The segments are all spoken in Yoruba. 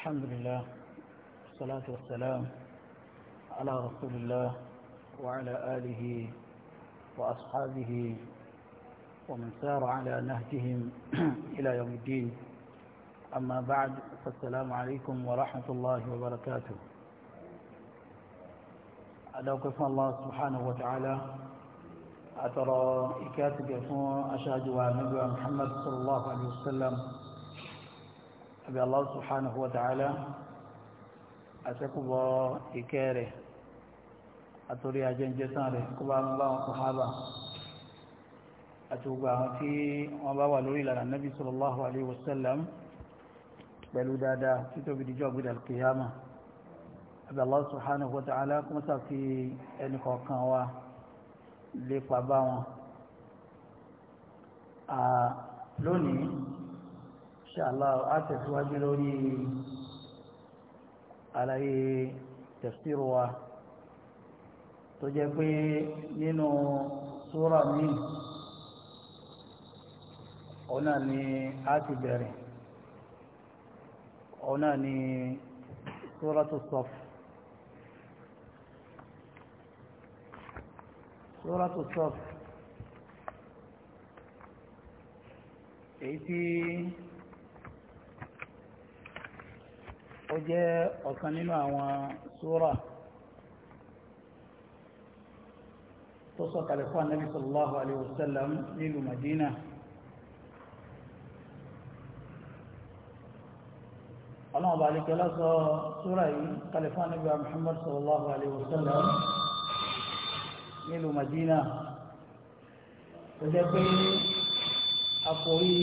الحمد لله والصلاة والسلام على رسول الله وعلى آله وأصحابه ومن سار على نهجهم إلى يوم الدين أما بعد فالسلام عليكم ورحمة الله وبركاته كفر الله سبحانه وتعالى أترى إكاتب يكون أشهد وعنبع محمد صلى الله عليه وسلم àbí Allah subhanahu wa ta'ala àṣẹ́kùbọ̀ ìkẹ́ rẹ̀ àtòrí ajẹ́jẹ́sán rẹ̀ kó bá ń bá wọn kò hábà àti gbogbo àwọn tí wọ́n bá wà lórí ìlànà nabi sallallahu alaihi wasallam pẹ̀lú dáadáa títóbi díjọ́ gbídà kìyàmà àbí Allah subhanahu wa kó mọ́sà fi ẹnì kọ̀ọ̀kan wa lépa bá wọn lónìí inshallah a tẹ̀síwájú lórí àlàyé tafsir wa tó jẹ́ pé nínú súra míì ọ̀nà ni a ti bẹ̀rẹ̀ ọ̀nà ni súratu Saf súratu Saf èyí tí ó jẹ́ ọ̀kan nínú àwọn súrà tó sọ̀kalẹ̀ fún anábì sallallahu alayhi wa sallam nílùú madina ọlọ́run bá lè kẹ́lá sọ súrà yìí kalẹ̀ fún anábì muhammad sallallahu alayhi nílùú madina ó jẹ́ pé àkòrí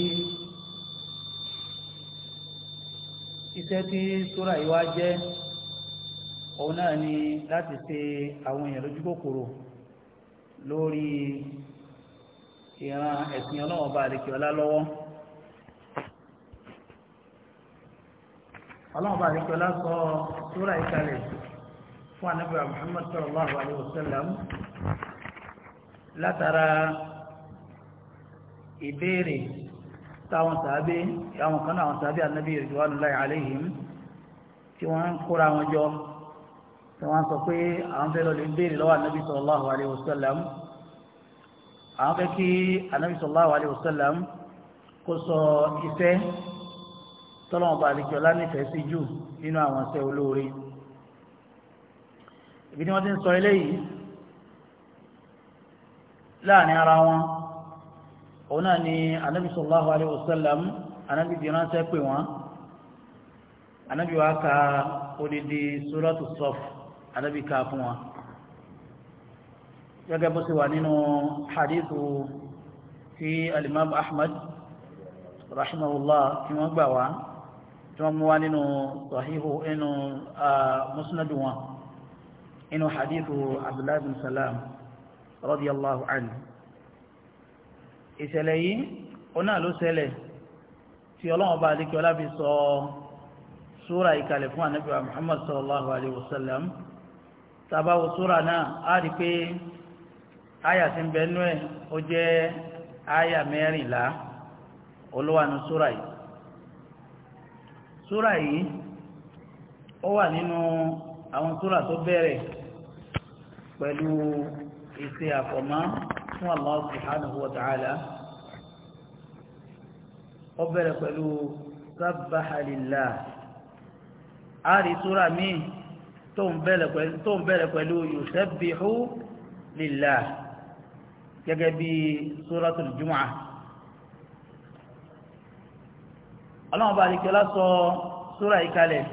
iṣẹ́ tí sóra yìí wá jẹ́ òun náà ni láti ṣe àwọn èèyàn lójú kòkòrò lórí ìran ẹ̀sìn ọlọ́wọ́n bá àdìkì ọlá lọ́wọ́. ọlọ́wọ́n bá àdìkì ọlá sọ sóra yìí kalẹ̀ fún ànábì Muhammad sallallahu alayhi wa sallam látara ìbéèrè táwọn sàábé àwọn kan náà àwọn sàábé ànábì ridwanullahi alayhim tí wọ́n ń kóra wọn jọ tí wọ́n sọ pé àwọn fẹ́ lọ lè béèrè lọ́wọ́ ànábì sallallahu alayhi wa sallam àwọn fẹ́ kí ànábì sallallahu alayhi wa kó sọ iṣẹ́ tọ́lọ́mọba àdìjọ́lá nífẹ̀ẹ́ sí jù nínú àwọn iṣẹ́ olóore ibi ni wọ́n ti ń sọ eléyìí láàrin ara wọn òun náà ni anabi sallallahu alayhi wa sallam anabi di ránṣẹ́ pè wọ́n anabi wa ka odidi suratu sọf anabi ka fún wa gẹ́gẹ́ bó ṣe wà nínú hadithu ti alimam ahmad rahimahullah tí wọ́n gbà wá tí wọ́n mú wá nínú sahihu inú musnadu wọn inú hadithu abdullahi bin salam radiyallahu anhu ìṣẹ̀lẹ̀ yìí ọ̀nà ló ṣẹlẹ̀ tí ọlọ́run bá adékè ọlá fi sọ súra ìkàlẹ̀ fún anabi muhammad sallallahu alayhi wa sallam tabawo súra náà á rí pé àyà tí ń bẹ nú ẹ̀ ó jẹ́ àyà mẹ́rìnlá olówànú súra yìí súra yìí ó wà nínú àwọn súra tó bẹ̀rẹ̀ pẹ̀lú ìṣe fún Allah subhanahu wa ta'ala ó bẹ̀rẹ̀ pẹ̀lú sabbaha lillah àárí súra míì tó ń bẹ̀rẹ̀ pẹ̀lú yusabbihu lillah gẹ́gẹ́ bí suratul jumu'ah ọlọ́run bá lè kí ọlá sọ súra ìkalẹ̀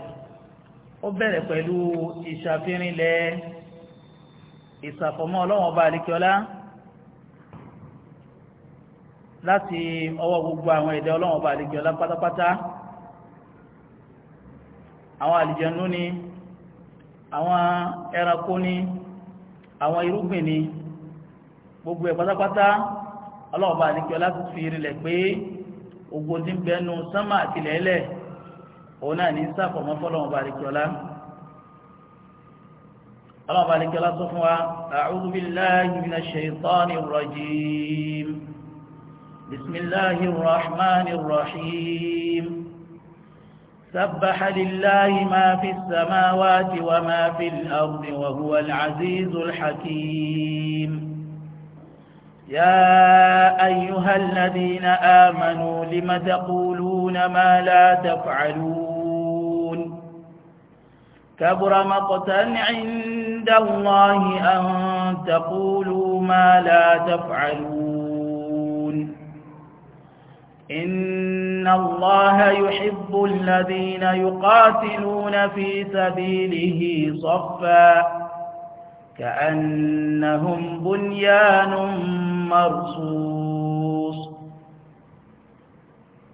ó bẹ̀rẹ̀ pẹ̀lú ìṣàfihàn ilẹ̀ ìṣàfọ̀mọ́ ọlọ́run bá lè kí láti ọwọ́ gbogbo àwọn ẹ̀dẹ́ ọlọ́wọ́n ọba àlejò ọlá pátápátá àwọn àlìjẹnú ni àwọn ẹranko ni àwọn irúgbìn ni gbogbo ẹ̀ pátápátá ọlọ́wọ́n ọba àlejò ọlá fi rinlẹ̀ pé ogun tí ń bẹnu sánmà àtìlẹ́lẹ̀ òun náà ní sáfọ̀mọ́ fọlọ́wọ́n ọba àlejò ọlá ọlọ́wọ́n ọba àlejò ọlá sọ fún wa a'udhu بسم الله الرحمن الرحيم سبح لله ما في السماوات وما في الأرض وهو العزيز الحكيم يا أيها الذين آمنوا لم تقولون ما لا تفعلون كبر مقتا عند الله أن تقولوا ما لا تفعلون إن الله يحب الذين يقاتلون في سبيله صفا كأنهم بنيان مرصوص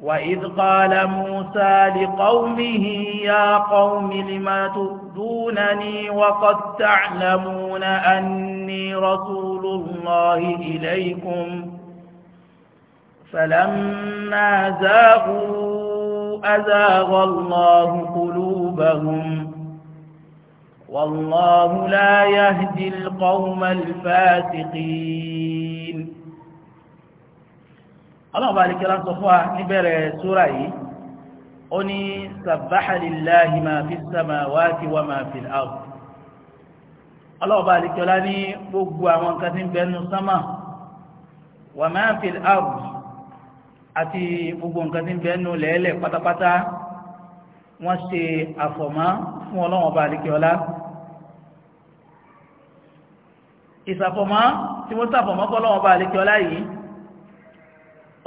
وإذ قال موسى لقومه يا قوم لم تؤذونني وقد تعلمون أني رسول الله إليكم فلما زاغوا أزاغ الله قلوبهم والله لا يهدي القوم الفاسقين الله بارك الله صفوة نبرة سورة أني إيه؟ سبح لله ما في السماوات وما في الأرض الله بارك الله نبقى وانكتن بأنه السماء وما في الأرض àti gbogbo nǹkan tí ń bẹ nù lẹ́ẹ̀lẹ̀ pátápátá wọ́n ṣe àfọ̀mọ́ fún ọlọ́run ọba àdìkíọ́lá ìsàfọ̀mọ́ tí wọ́n sàfọ̀mọ́ fún ọlọ́run ọba àdìkíọ́lá yìí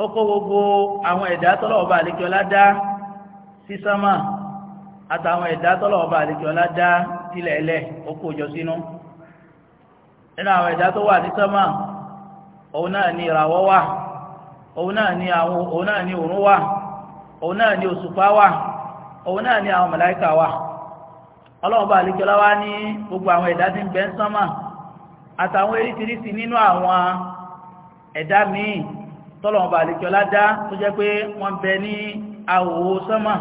ó kó gbogbo àwọn ẹ̀dá tọ́lọ́run ọba àdìkíọ́lá dá sí sámà àtàwọn ẹ̀dá tọ́lọ́run ọba àdìkíọ́lá dá sílẹ̀ ó kó jọ sínú nínú àwọn ẹ̀dá tó wà ní sámà òun náà ni ìràwọ̀ wà òun náà ni àwọn òun naa ni wà òun náà ni òṣùpá wà òun náà ni àwọn màláíkà wà ọlọ́run bá wá ní gbogbo àwọn ẹ̀dá tí ń bẹ ń sánmà àtàwọn eríṣiríṣi nínú àwọn ẹ̀dá míì tọ́lọ́run bá àlejòlá dá tó jẹ́ pé wọ́n bẹ ní àwòwò sánmà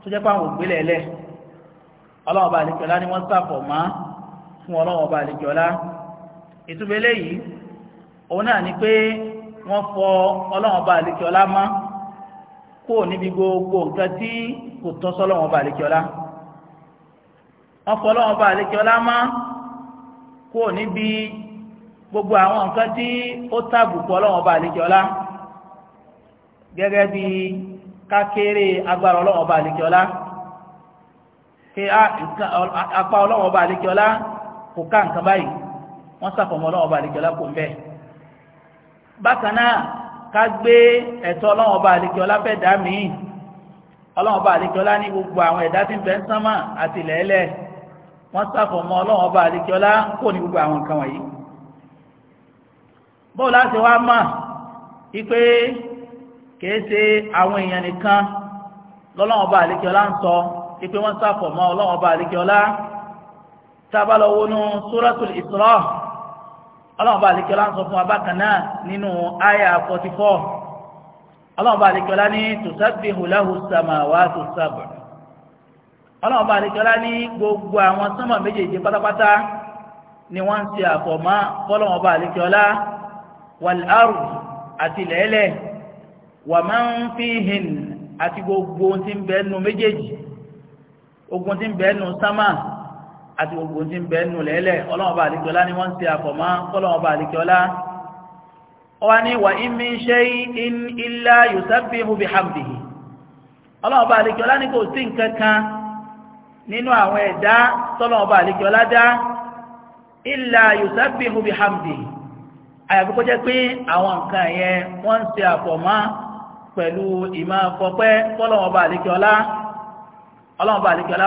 tó jẹ́ pé àwọn fún wọ́n fọ ọlọ́run ọba àlekè ọlá mọ́ kó níbi gbogbo nǹkan tí kò tọ́ sọ́lọ́run ọba àlekè ọlá wọ́n fọ ọlọ́run ọba àlekè ọlá mọ́ kó níbi gbogbo àwọn nǹkan tí ó tàbùkù ọlọ́run ọba àlekè ọlá gẹ́gẹ́ bí kákéré agbára ọlọ́run ọba àlekè ọlá pé apá ọlọ́run ọba àlekè ọlá kò ká nǹkan báyìí wọ́n sàfọ̀mọ́ ọlọ́run ọba àlekè ọlá kò ń bẹ́ẹ̀ bákan náà ká gbé ẹ̀tọ́ ọlọ́run ọba àlekè ọlá fẹ́ dá mi ọlọ́run ọba àlekè ọlá ní gbogbo àwọn ẹ̀dá tí ń bẹ ń sánmà àti lẹ́lẹ̀ wọ́n sàfọ̀mọ́ ọlọ́run ọba àlekè ọlá kò ní gbogbo àwọn nǹkan wọ̀nyí bó láti wá mọ̀ wípé kìí ṣe àwọn èèyàn nìkan lọ́lọ́wọ́n bá àlékè ń sọ wípé wọ́n sáfọ̀ mọ́ ọlọ́wọ́n bá àlékè tábàlọ́wọ́nú suratul Isra ọlọ́ọ̀bá àlekẹ́lá ń sọ fún abákan náà nínú àyà 44 ọlọ́ọ̀bá àlekẹ́lá ní tùsábìhù láhù samawatu sab' ọlọ́ọ̀bá àlekẹ́lá ní gbogbo àwọn sánmà méjèèjì pátápátá ni wọ́n ń ṣe àfọ̀mọ́ fọlọ́ọ̀bá àlekẹ́lá wàlárù àti lẹ́lẹ̀ wà máa ń fi hìn àti gbogbo ohun ń bẹ́ẹ̀ méjèèjì ogun tí ń bẹ́ẹ̀ nù àti gbogbo tí ń bẹ nù lẹ́lẹ̀ ọlọ́wọ́ba àdìkọ́lá ni wọ́n ń ṣe àfọ̀mọ́ kọ́lọ́wọ́ba àdìkọ́lá ọwá ní wà in min shay'in illa yusabbihu bihamdihi ọlọ́wọ́ba àdìkọ́lá ní kò sí nǹkan kan nínú àwọn ẹ̀dá tọ́lọ́wọ́ba àdìkọ́lá dá illa yusabbihu bihamdihi àyàfi kó jẹ́ pé àwọn nǹkan yẹn wọ́n ń ṣe àfọ̀mọ́ pẹ̀lú ìmọ̀ àfọ̀pẹ́ kọ́lọ́wọ́ba àdìkọ́lá ọlọ́wọ́ba àdìkọ́lá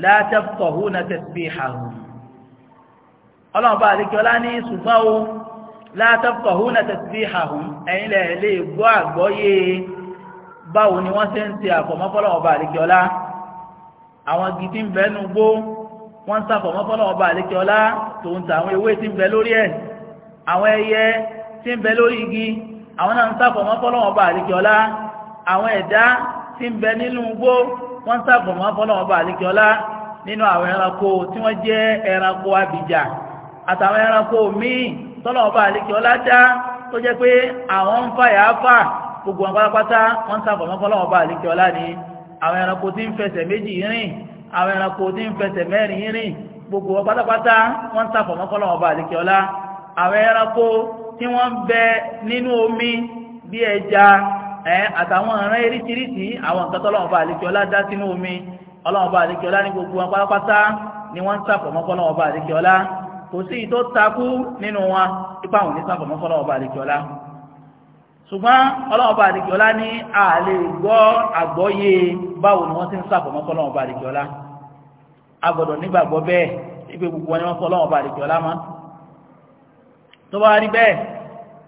la tafqahuna tasbihahum ọlọ́run bá àdékẹ́ ọlá ní ṣùgbọ́n o la tafqahuna tasbihahum ẹ̀yin lẹ̀ lè gbọ́ àgbọ́yé báwo ni wọ́n ṣe ń ṣe àfọ̀mọ́fọ́lọ́wọ́ bá àdékẹ́ ọlá àwọn igi tí ń bẹ nù gbó wọ́n ń sàfọ̀mọ́ fọ́lọ́wọ́ bá àlékè ọlá tòun tà àwọn ewé tí ń bẹ wọ́n ń sàgbọ̀mọ́ fọlọ́wọ́n bá àlekè ọlá nínú àwọn ẹranko tí wọ́n jẹ́ ẹranko abìjà àtàwọn ẹranko míì tọ́lọ́wọ́n bá àlekè ọlá dá tó jẹ́ pé àwọn ń fà yàá fà gbogbo wọn pátápátá wọ́n ń sàgbọ̀mọ́ fọlọ́wọ́n bá àlekè ọlá ni àwọn ẹranko tí ń fẹsẹ̀ méjì rìn àwọn ẹranko tí ń fẹsẹ̀ mẹ́rin rìn gbogbo wọn pátápátá wọ́n ń sàgbọ̀mọ́ fọlọ́wọ́n bá àlekè ọlá àwọn ẹranko tí wọ́n ń bẹ nínú omi bí ẹja ẹ àtàwọn ọ̀ràn eríṣiríṣi àwọn nǹkan tọ́lọ́wọ́n bá àlejò ọlá dá sínú omi ọlọ́wọ́n bá àlejò ọlá ní gbogbo wọn pátápátá ni wọ́n ń sàfọ̀mọ́ fọlọ́wọ́n bá àlejò ọlá kò sí ìtò takú nínú wọn ipa àwọn onísàfọ̀mọ́ fọlọ́wọ́n bá àlejò ọlá ṣùgbọ́n ọlọ́wọ́n bá àlejò ọlá ní àlè gbọ́ àgbọ́yé báwo ni wọ́n ti ń sàfọ̀mọ́ fọlọ́wọ́n bá àlejò ọlá agbọ́dọ̀ nígbàgbọ́ bẹ́ẹ̀ ibi ni wọ́n fọlọ́wọ́n bá àlejò ọlá mọ́ tó bá rí bẹ́ẹ̀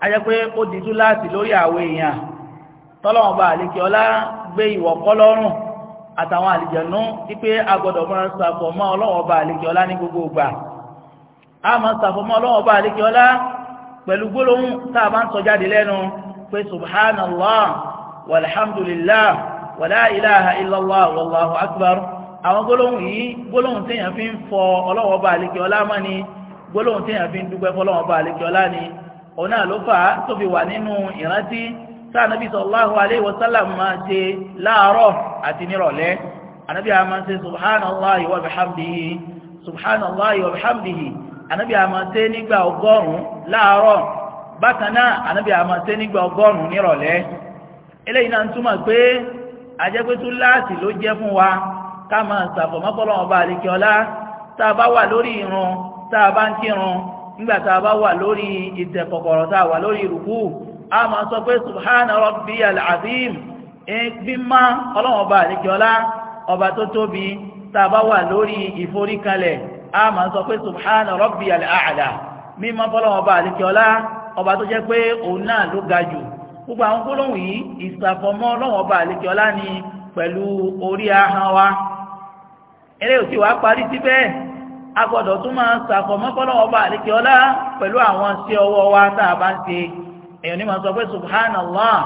a jẹ́ pé ó dìdú tọ́lọ́wọ́n bá àlekè ọlá gbé ìwọ̀ kọ́lọ́rùn àtàwọn àlìjẹ̀nú wípé agbọ́dọ̀ máa ṣàfọ̀ mọ́ ọlọ́wọ́n bá àlekè ọlá ní gbogbo ìgbà a máa ṣàfọ̀ mọ́ ọlọ́wọ́n bá àlekè ọlá pẹ̀lú gbólóhùn tá a bá ń sọ jáde lẹ́nu pé subhanallah walhamdulillah wala ilaha illallah wallahu akbar àwọn gbólóhùn yìí gbólóhùn téèyàn fi ń fọ ọlọ́wọ́n bá àlekè ọlá mọ́ ni gbólóhùn téèyàn fi ń dúpẹ́ fọlọ́wọ́n bá àlekè ọlá ni òun náà tó fi wà nínú ìrántí tá ànábì sallallahu alayhi wa sallam máa ṣe láàárọ̀ àti nírọ̀lẹ́ ànábì a máa ṣe subhanallahi wa bihamdihi subhanallahi wa bihamdihi ànábì a máa ṣe nígbà ọgọ́rùn-ún láàárọ̀ bákan náà ànábì a máa ṣe nígbà ọgọ́rùn nírọ̀lẹ́ eléyìí náà ń túmọ̀ pé àjẹpẹ́tù láàsì ló jẹ́ fún wa ká máa ṣàfọ̀mọ́pọ̀lọ́ ọba àlekíọ́lá tá a bá wà lórí ìrun tá a bá ń kírun nígbà tá a bá wà lórí ìtẹ̀kọ̀kọ̀rọ̀ tá a wà lórí ìrùkú a máa sọ pé subhana rabbi al-azim gbímá ọlọ́run ọba àlejòọlá ọba tó tóbi tá a bá wà lórí ìforíkalẹ̀ a máa sọ pé subhana rabbi al-a'la mímá fọlọ́run ọba àlejòọlá ọba tó jẹ́ pé òun náà ló ga jù gbogbo àwọn gbólóhùn yìí ìsàfọ̀mọ́ ọlọ́run ọba àlejòọlá ni pẹ̀lú orí pẹ̀lú àwọn èèyàn ní ma sọ pé subhanallah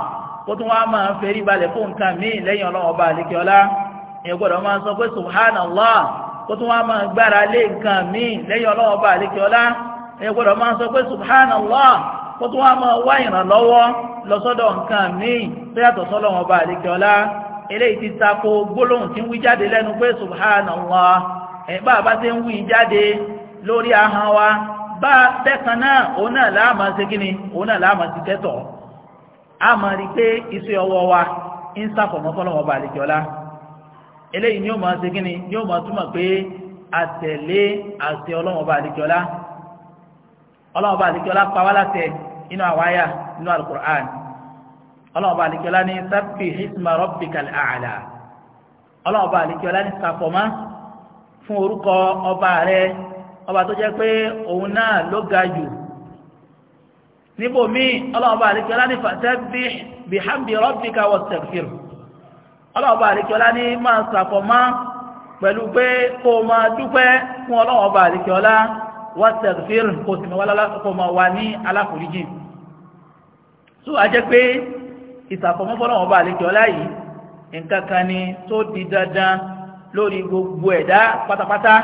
kó tún wá máa ń ferí balẹ̀ fún nǹkan míì lẹ́yìn ọlọ́run ọba àlékiọlá èèyàn gbọ́dọ̀ máa sọ pé subhanallah kó tún wá máa gbára lé nǹkan míì lẹ́yìn ọlọ́run ọba àlékiọlá èèyàn gbọ́dọ̀ máa sọ pé subhanallah kó tún wá máa wá ìrànlọ́wọ́ lọ sọ́dọ̀ nǹkan míì ti gbólóhùn tí ń subhanallah ẹ̀ bá a bá ti ń wí jáde bá tẹ́kan náà òun náà láàmà ṣe kí ni òun náà láàmà ti tẹ́tọ̀ a máa rí pé iṣẹ́ ọwọ́ wa ń sàfọ̀mọ́ fọlọ́wọ́ bá àlejò ọlá eléyìí ni ó máa ṣe kí ni ni ó máa túmọ̀ pé àtẹ̀lé àti ọlọ́wọ́ bá àlejò ọlá ọlọ́wọ́ bá àlejò ọlá pa wá láṣẹ inú àwáyà inú alukur'an ọlọ́wọ́ bá àlejò ọlá ní sábì hisma rabbikal a'la ọlọ́wọ́ bá àlejò ọlá ní sàfọ̀mọ́ fún orúkọ ọba rẹ̀ ọba tó jẹ́ pé òun náà ló ga jù níbò míì ọlọ́ọ̀bá àríkẹ́lá ní fàtẹ́bí bí hàbí rọ́bíkà wọ́stẹ̀fìr ọlọ́ọ̀bá àríkẹ́lá ní máa sàfọ̀mọ́ pẹ̀lú pé kó máa dúpẹ́ fún ọlọ́ọ̀bá àríkẹ́lá wọ́stẹ̀fìr kò sì máa wà ní aláforíjì tó a jẹ́ pé ìsàfọ̀mọ́ fọ́lọ́ọ̀bá àríkẹ́lá yìí nǹkan kan ni tó di dandan lórí gbogbo ẹ̀dá pátápátá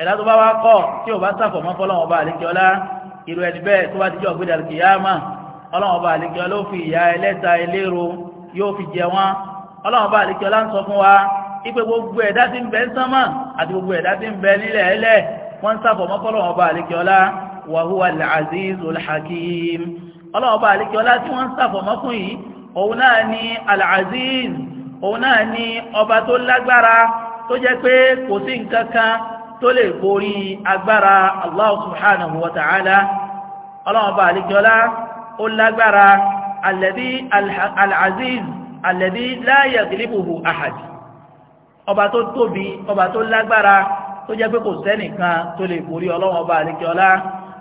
ẹ̀dá tó bá wá kọ̀ tí ò bá sàfọ̀mọ́ fọlọ́wọ́n bá àlékè ọlá irú ẹni bẹ́ẹ̀ tó bá ti jọ gbéra kìyàmà ọlọ́wọ́n bá àlékè ọlá ó fi ìyà ẹlẹ́ta ẹlẹ́ro yóò fi jẹ wọn ọlọ́wọ́n bá àlékè ọlá ń sọ fún wa ipe gbogbo ẹ̀dá tí ń bẹ ń sánmà àti gbogbo ẹ̀dá tí ń bẹ nílẹ̀ ẹlẹ́ wọ́n ń sàfọ̀mọ́ fọlọ́wọ́n bá bá àlékè tó lè borí agbára Allah subhanahu wa ta'ala ọlọ́wọ́ bá alikọ́lá ó lágbára alẹ́bí al-aziz alẹ́bí la yaghlibuhu ahad ọba tó tóbi ọba tó lágbára tó jẹ́ pé kò sẹ́nìkan tó lè borí ọlọ́wọ́ bá alikọ́lá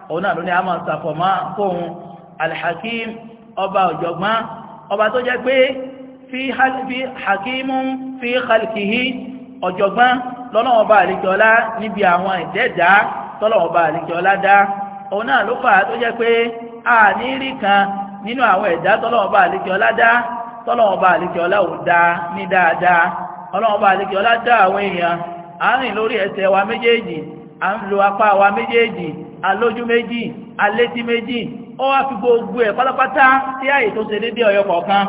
òun náà ló ní a máa sàfọ̀mọ́ fóun lọ́lọ́wọ́n bá àlejò ọlá níbi àwọn ìdẹ́ẹ̀dá tọ́lọ́wọ́n bá àlejò ọlá dá òun náà ló fà á tó jẹ́ pé a ní rí kan nínú àwọn ẹ̀dá tọ́lọ́wọ́n bá àlejò ọlá dá tọ́lọ́wọ́n bá àlejò ọlá ò dá ní dáadáa ọlọ́wọ́n bá àlejò ọlá dá àwọn èèyàn à ń rìn lórí ẹsẹ̀ wa méjèèjì à ń lo apá wa méjèèjì alójú méjì alétí méjì ó wá fi gbogbo ẹ̀ pátápátá sí àyè tó ṣe déédéé ọyọ kọ̀ọ̀kan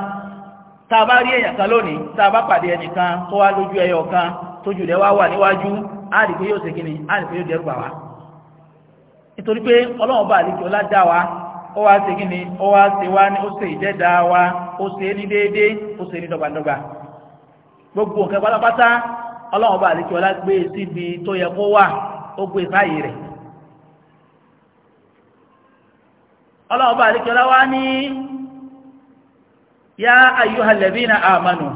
tá a bá rí èèyàn kan lónìí tá a bá pàdé ẹnìkan tó wá lójú ẹyọ kan tójú rẹ̀ wá wà níwájú á rí pé yóò ṣe kíni á rí pé yóò dẹ́rù bà wá nítorí pé ọlọ́run bá àlejò ọlá dá wa ó wá ṣe kíni ó wá ṣe wá ní ó ṣe ìjẹ́dá ó ṣe ní déédéé ó ṣe ní dọ́gbàdọ́gbà gbogbo nǹkan pátápátá ọlọ́run bá àlejò ọlá gbé e síbi tó yẹ kó wà ó gbé báyìí e rẹ̀ ọlọ́run bá àlejò ọlá wá ní yá ayyuhal ladhina amanu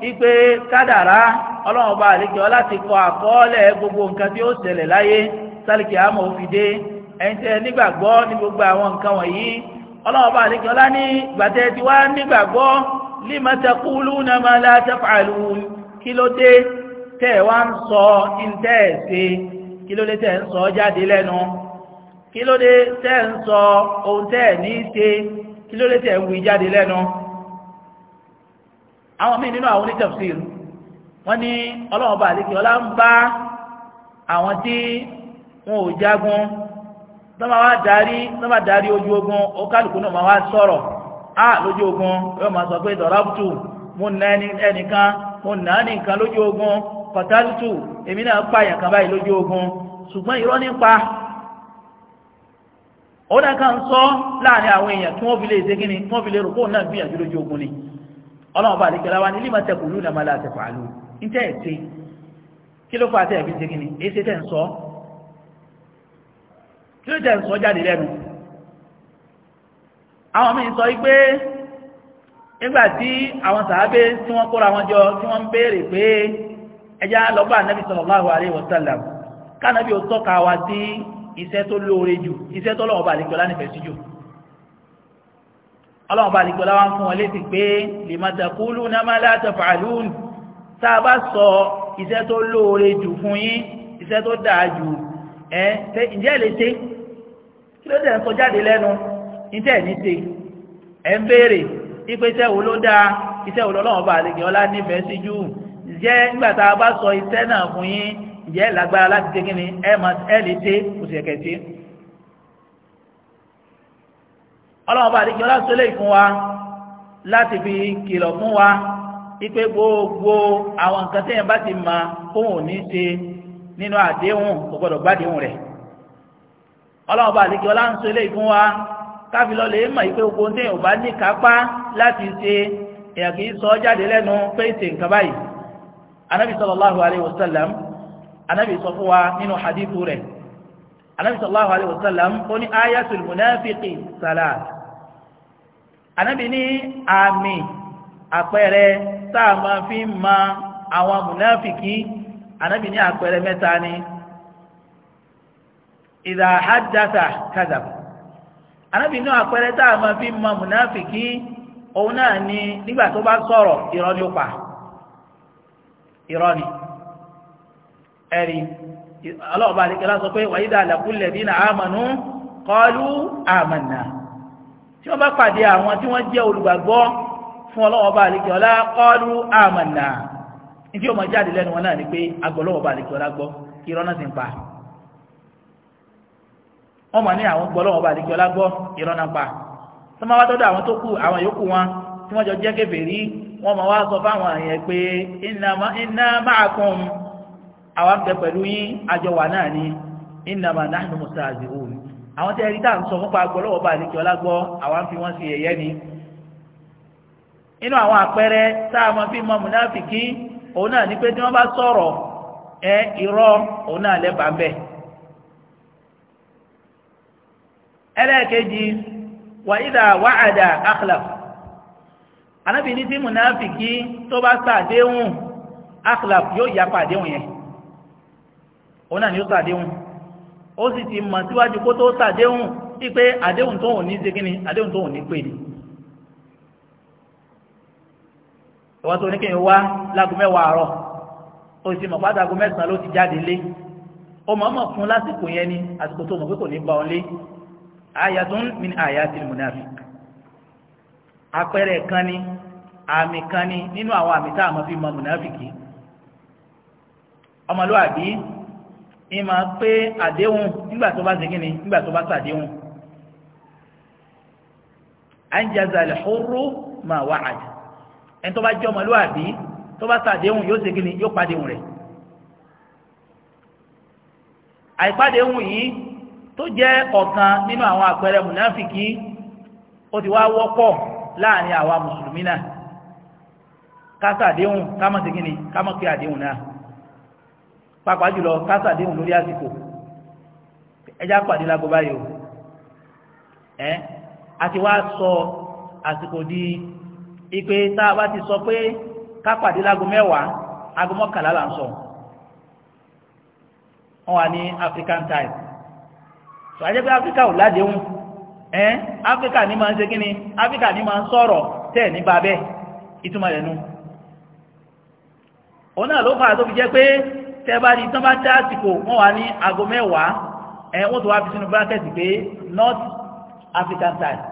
ipe kádàrá ọlọ́run bá àlejò ọ láti kọ àkọọ́lẹ̀ gbogbo nǹkan tí ó ṣẹlẹ̀ láyé sálìkì àmọ́ òfin dé ẹ̀yin tẹ́ nígbàgbọ́ ní gbogbo àwọn nǹkan wọ̀nyí ọlọ́run bá àlejò ọlá ní gbàtẹ́ ti wá nígbàgbọ́ lima taquluna ma la taf'alun kí ló dé tẹ́ ẹ̀ wá ń sọ ìǹtẹ́ kí ló dé tẹ́ ẹ̀ ń sọ jáde lẹ́nu kí ló dé tẹ́ ẹ̀ ń sọ ohun tẹ́ ẹ̀ ní í ṣe kí ló dé tẹ́ ẹ̀ ń wí jáde lẹ́nu àwọn míì nínú àwọn onítafsir wọ́n ní ọlọ́run bá àlékè ọlá ń bá àwọn tí wọn ò jagun tó máa wá darí tó máa darí ojú ogun ọkàlùkù náà máa wá sọ̀rọ̀ á lójú ogun yóò máa sọ pé dọ̀rọ̀bùtù mo nà ẹnìkan mo nà á nìkan lójú ogun pàtàlùtù èmi náà pààyàn kan báyìí lójú ogun ṣùgbọ́n irọ́ nípa ó náà kàn sọ láàrin àwọn èèyàn tí wọ́n fi lè ṣe kí ni tí wọ́n fi lè rò kóun náà gbìyànjú lójú ogun ni ọlọ́run bá àdékẹ́lá wa ní lima taquluna ma la taf'alun níta ẹ̀ ṣe kí ló fà á tẹ̀ ẹ̀bí ṣe kíni èsì tẹ̀ ń sọ kí ló tẹ̀ ń sọ jáde lẹ́nu àwọn míì sọ pé nígbà tí àwọn sàábé tí wọ́n kóra wọn jọ tí wọ́n ń béèrè pé ẹja lọ́gbà nàbì sallallahu alaihi wasallam kánàbì ó tọ́ka wa sí iṣẹ́ tó lóore jù iṣẹ́ tó lọ́wọ́ bá àdékẹ́lá nífẹ̀ẹ́ ọlọ́run bá dìgbò láwọn fún wọn létí pé lèmọ̀tàkúlù náà látọ̀fàlùn tá a bá sọ iṣẹ́ tó lóore jù fún yín iṣẹ́ tó dáa jù ẹ ǹjẹ́ lè ṣe kí ló dẹ̀ ń sọ jáde lẹ́nu ǹjẹ́ ẹ̀ ní ṣe ẹ̀ ń béèrè ipe iṣẹ́ wo ló dáa iṣẹ́ wo lọ́lọ́run bá dìgbò ọlá nífẹ̀ẹ́ sí jù ǹjẹ́ nígbà tá a bá sọ iṣẹ́ náà fún yín ǹjẹ́ lágbára láti ṣe kí ni ẹ lè ṣe kò sì ẹ̀kẹ́ ṣe ọlọ́ọ̀bá àdíkẹ́ ọlásọ́lẹ̀ ìfún wa láti fi kìlọ̀ fún wa ipe gbogbo àwọn nǹkan tẹ́yìn bá ti ma kóhùn ní ṣe nínú àdéhùn kò gbọdọ̀ gbádéhùn rẹ̀ ọlọ́ọ̀bá àdíkẹ́ ọlásọ́lẹ̀ ìfún wa káfí lọ lè mọ̀ ipe gbogbo tẹ́yìn ò bá ní kápá láti ṣe èèyàn kì í sọ jáde lẹ́nu pé ìṣe nǹkan báyìí anabi sallallahu alayhi wa sallam anabi sọ fún wa nínú hadithu rẹ̀ anabi sallallahu alayhi wa sallam ó ní ayatul munafiqi salat ànábì ní àmì àpẹẹrẹ tá a máa fi ń ma àwọn mùnáfìkì ànábì ní àpẹẹrẹ mẹ́ta ni ìdá hajjata kadab ànábì ní àpẹẹrẹ tá a máa fi ń ma mùnáfìkì òun náà ni nígbà tó bá sọ̀rọ̀ irọ́ ni ó pa irọ́ ni ẹ̀rí ọlọ́ọ̀bá àdìkẹ́lá sọ pé wàyídà àlàkùn lẹ̀dínà àmànú qalu amanna. tí wọ́n bá pàdé àwọn tí wọ́n jẹ́ olùgbàgbọ́ fún ọlọ́wọ́ bá àlejò ọlá kọ́ọ́lù àmànà níbi ọmọ jáde lẹ́nu wọn náà ni pé agbọ́lọ́wọ́ bá gbọ́ irọ́ náà ti pa àwọn tó kù àwọn yòókù wọn tí wọ́n jọ wá sọ fáwọn pé àwọn àjọwà náà ni àwọn tẹ́ ẹ̀rí tá à ń sọ fúnpa agbọ́lọ́wọ́ bá àlejò ọlágbọ́ àwa ń fi wọ́n ṣe yẹ̀yẹ́ ni inú àwọn àpẹẹrẹ tá a máa fi mọ mùnáfìkì òun náà ni pé tí wọ́n bá sọ̀rọ̀ ẹ irọ́ òun náà lẹ́bàá ń bẹ̀ ẹlẹ́ẹ̀kejì wà ìdá wàhádà akhlaf anábìíní tí mùnáfìkì tó bá ṣàdéhùn akhlaf yóò yapa àdéhùn yẹn òun náà ni ó ṣàdéhùn ó sì ti mọ̀ síwájú kó tó sàdéhùn sí pé àdéhùn tó hùn ní ṣe kíni àdéhùn tó hùn ní pè ní ìwọ́n tó ní kí n wá lágùn mẹ́wàá àárọ̀ ó sì mọ̀ pátágùn mẹ́sàn-án ló ti jáde lé ó mọ̀ fún lásìkò yẹn ni àsìkò tó mọ̀ pé kò ní bá ọ lé ayatun min ayatil munafiq àpẹẹrẹ kan ni àmì kan ni nínú àwọn àmì tá a mọ̀ fi mọ̀ mùnàfìkì ọmọlúwàbí ìmọ̀ pé àdéhùn nígbà tó bá ṣe ni nígbà tó bá ṣàdéhùn anjaza al-hurru ma wa'ada ẹni tó bá jẹ́ ọmọlúwàbí tó bá ṣàdéhùn yóò ṣe ni yóò pàdéhùn rẹ̀ àìpàdéhùn yìí tó jẹ́ ọ̀kan nínú àwọn àpẹẹrẹ mùnáfìkì ó ti wá wọ́pọ̀ láàrin àwa mùsùlùmí náà ká ṣàdéhùn ká má ṣe kí ni ká má pé àdéhùn náà pàápàá jùlọ kásàdéhùn lórí àsìkò ẹjá pàdé lágbo báyìí o ẹ àti wá sọ àsìkò di ipe tá a bá ti sọ pé ká pàdé lágbo mẹ́wàá aago mọ́kànlá là ń sọ wọn wà ní African time sọ àjẹpẹ́ Africa ò ládéhùn ẹ Africa ni máa ń ṣe kínni Africa ni máa ń sọ̀rọ̀ tẹ̀ ní babẹ́ ìtumọ̀ rẹ̀ nu òun náà ló fà á tó fi jẹ́ pé tẹ́bárí tán bá dá àsìkò wọ́n wà ní aago mẹ́wàá ẹ̀ wọ́n tó wá fi sínú bírákẹ́tì pé north african time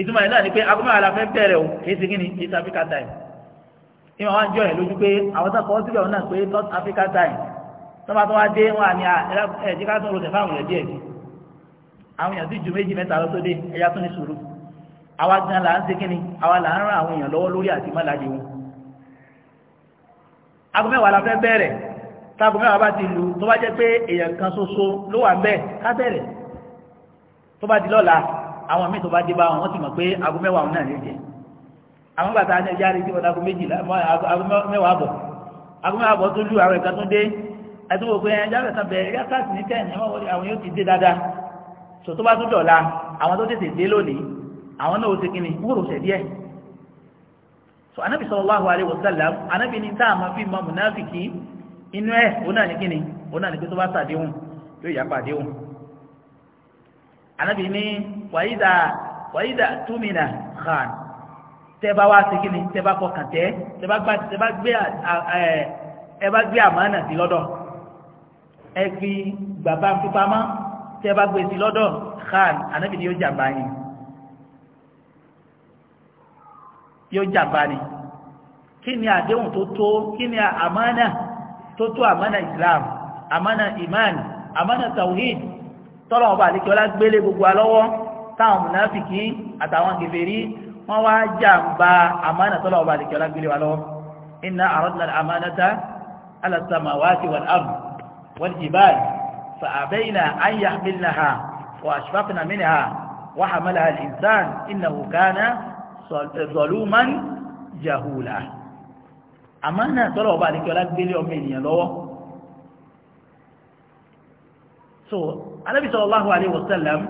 ìtumọ̀ yìí náà ni pé aago mẹ́wàá la fẹ́ bẹ̀rẹ̀ o kì í ṣe kíni east african time ìmọ̀ wá ń jọ ẹ̀ lójú pé àwọn tó síbẹ̀ wọn náà pé north african time tó bá tó wá dé wọn àní ẹ̀jẹ̀ ká tún rọ̀ṣẹ̀ fáwọn èèyàn díẹ̀ sí àwọn èèyàn sì ju méjì mẹ́ta lọ sóde ẹ̀yà tún ní sùúrù àwa gan là ń ṣe kíni àwa là ń ran àwọn èèyàn lọ́wọ́ lórí àtìmọ́ládé wọn aago mẹ́wàá la fẹ́ bẹ̀rẹ̀ táago mẹ́wàá bá ti lù tó bá jẹ́ pé èèyàn kan ṣoṣo ló wà ń bẹ̀ ká bẹ̀rẹ̀ tó bá di lọ́la àwọn míì tó bá dé bá wọn wọ́n ti mọ̀ pé aago mẹ́wàá òun náà lè jẹ́ àwọn bàtà ní ẹja rí tí wọ́n dago méjìlá aago mẹ́wàá bọ̀ aago mẹ́wàá bọ̀ náà ó ti kíni wúrò ṣẹ̀ so anabi sallallahu alaihi wasallam anabi ní tá a máa fi mọ̀ mùnáfìkì inú ẹ̀ òun náà ní kíni òun náà ní pé tó bá ṣàdéhùn yóò yá pàdéhùn anabi ní wàyídà wàyídà túmìnà khan tẹ́bá wá sí kíni tẹ́bá kọkàn tẹ́ tẹ́bá gbá tẹ́bá gbé ẹ bá gbé àmánà sí lọ́dọ̀ ẹ fi bàbá fipamọ́ tẹ́bá gbé sí lọ́dọ̀ khan anabi ní yóò jàmbá yìí. yóò jàmbá ni kí ni àdéhùn tó tó kí ni àmánà tó tó àmánà islam àmánà iman àmánà tawhid tọ́lọ̀ ọba àdékọ́lá gbélé gbogbo alọ́wọ́ táwọn mùnáfìkì àtàwọn gèfèrí wọ́n wá jàmbá àmánà tọ́lọ̀ ọba àdékọ́lá gbélé wa lọ́wọ́ inna aradna al-amanata ala samawati wal ard wal jibal fa abayna an yahmilnaha wa ashfaqna minha wa hamalaha al-insan innahu kana zọlúmán jahula àmọ́ náà tọ́lọ̀ ọba àdékọ́lá gbélé ọmọ ènìyàn lọ́wọ́ so anábì sallallahu alaihi wasallam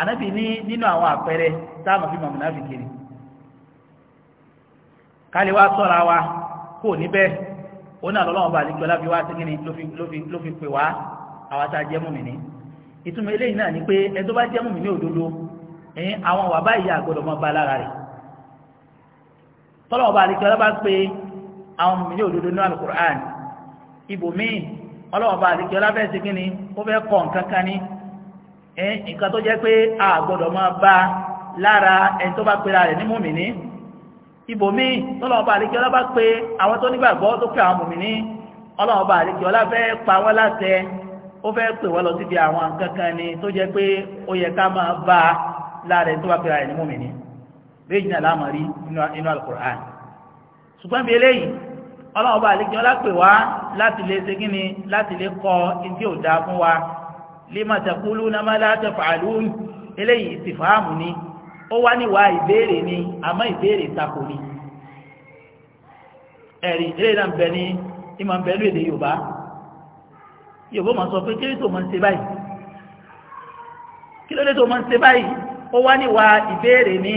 anábì ní nínú àwọn àpẹẹrẹ táàmù fi mọ̀mọ́ náà fi kiri kálíwá sọ́ra wa kò níbẹ̀ ó náà lọ́lọ́wọ́ ọba àdékọ́lá fi wá sí kíni ló fi pè wá àwọn tá a jẹ́ mùmìnì ìtumọ̀ eléyìí náà ni pé ẹ tó bá jẹ́ mùmìnì òdodo àwọn wàbá ìyá bá lára rẹ̀ tọ́lọ̀ ọba àlejò ọlọ́ba pé àwọn mùmí ní òdodo ní alukur'an ibòmíì ọlọ́ọ̀ba àlejò ọlọ́ba ẹ̀sìn kí ni ó fẹ́ kọ́ nǹkan kan ní ẹ̀ nǹkan tó jẹ́ pé a gbọ́dọ̀ máa bá lára ẹni tó bá pera rẹ̀ ní mùmí ní ibòmíì tọ́lọ̀ ọba àlejò ọlọ́ba pé àwọn tó nígbàgbọ́ tó pé àwọn mùmí ní ọlọ́ọ̀ba àlejò ọlọ́ba fẹ́ pa wọ́n láṣẹ ó fẹ́ pè wọ́n lọ síbi àwọn nǹkan kan ní tó jẹ́ pé ó yẹ ká máa bá lára ẹni tó bá pera rẹ̀ ní mùmí méjì náà láàmà rí inú alukur'an ṣùgbọ́n bí eléyìí ọlọ́run bá àlejò ọlápè wá láti lè ṣe kí ni láti lè kọ ibi ò dáa fún wa lima taquluna ma la taf'alun eléyìí ìsìfàámù ni ó wá níwá ìbéèrè ni àmọ́ ìbéèrè takò ni ẹ̀rí eléyìí náà bẹ ní ìmọ̀ ń èdè yorùbá yorùbá máa sọ pé kí tó máa ń ṣe báyìí kí tó máa ń ṣe báyìí ó wá níwá ìbéèrè ni.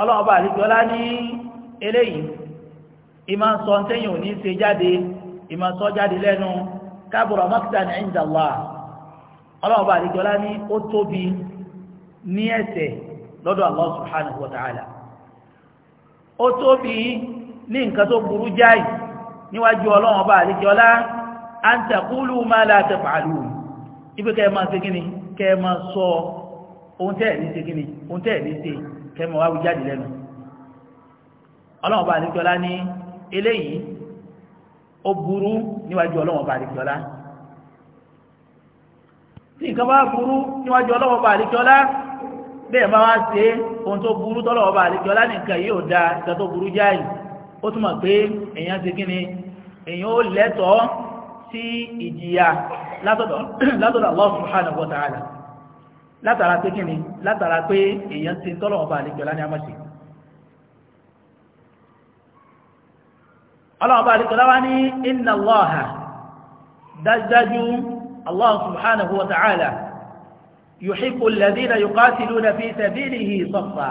ọlọ́ọ̀bá àlejòọ́lá ní eléyìí ìmọ̀ sọ tẹ́yìn ò ní ṣe jáde ìmọ̀ sọ jáde lẹ́nu kabura maqtan inda Allah ọlọ́ọ̀bá àlejòọ́lá ní ó tóbi ní ẹ̀ṣẹ̀ lọ́dọ̀ Allah subhanahu wa ta'ala o tobi ni an ma ṣe ma sọ ohun tẹ́ẹ̀ ní ṣe ohun kẹmọ wá wíjáde lẹ́nu ọlọ́wọ́n bá àdéjọ́lá ní eléyìí ó burú níwájú ọlọ́wọ́n bá àdéjọ́lá tí nǹkan bá burú níwájú ọlọ́wọ́n bá àdéjọ́lá bẹ́ẹ̀ bá wá ṣe ohun tó burú tọ́lọ́wọ́n bá àdéjọ́lá nìkan yìí ò da ìgbà tó burú jáì ó túmọ̀ pé èèyàn ti kíni èèyàn ó lẹ́tọ̀ọ́ sí ìjìyà látọ̀dọ̀ Allah subhanahu wa ta'ala látara pé kíni látara pé èèyàn ti tọ́lọ̀ ọba àlejòlá ní amọ̀sí ọlọ́ọ̀ba àlejòlá wá ní inna Allaha dájúdájú Allah subhanahu wa ta'ala yuhibbu alladhina yuqatiluna fi sabilihi saffa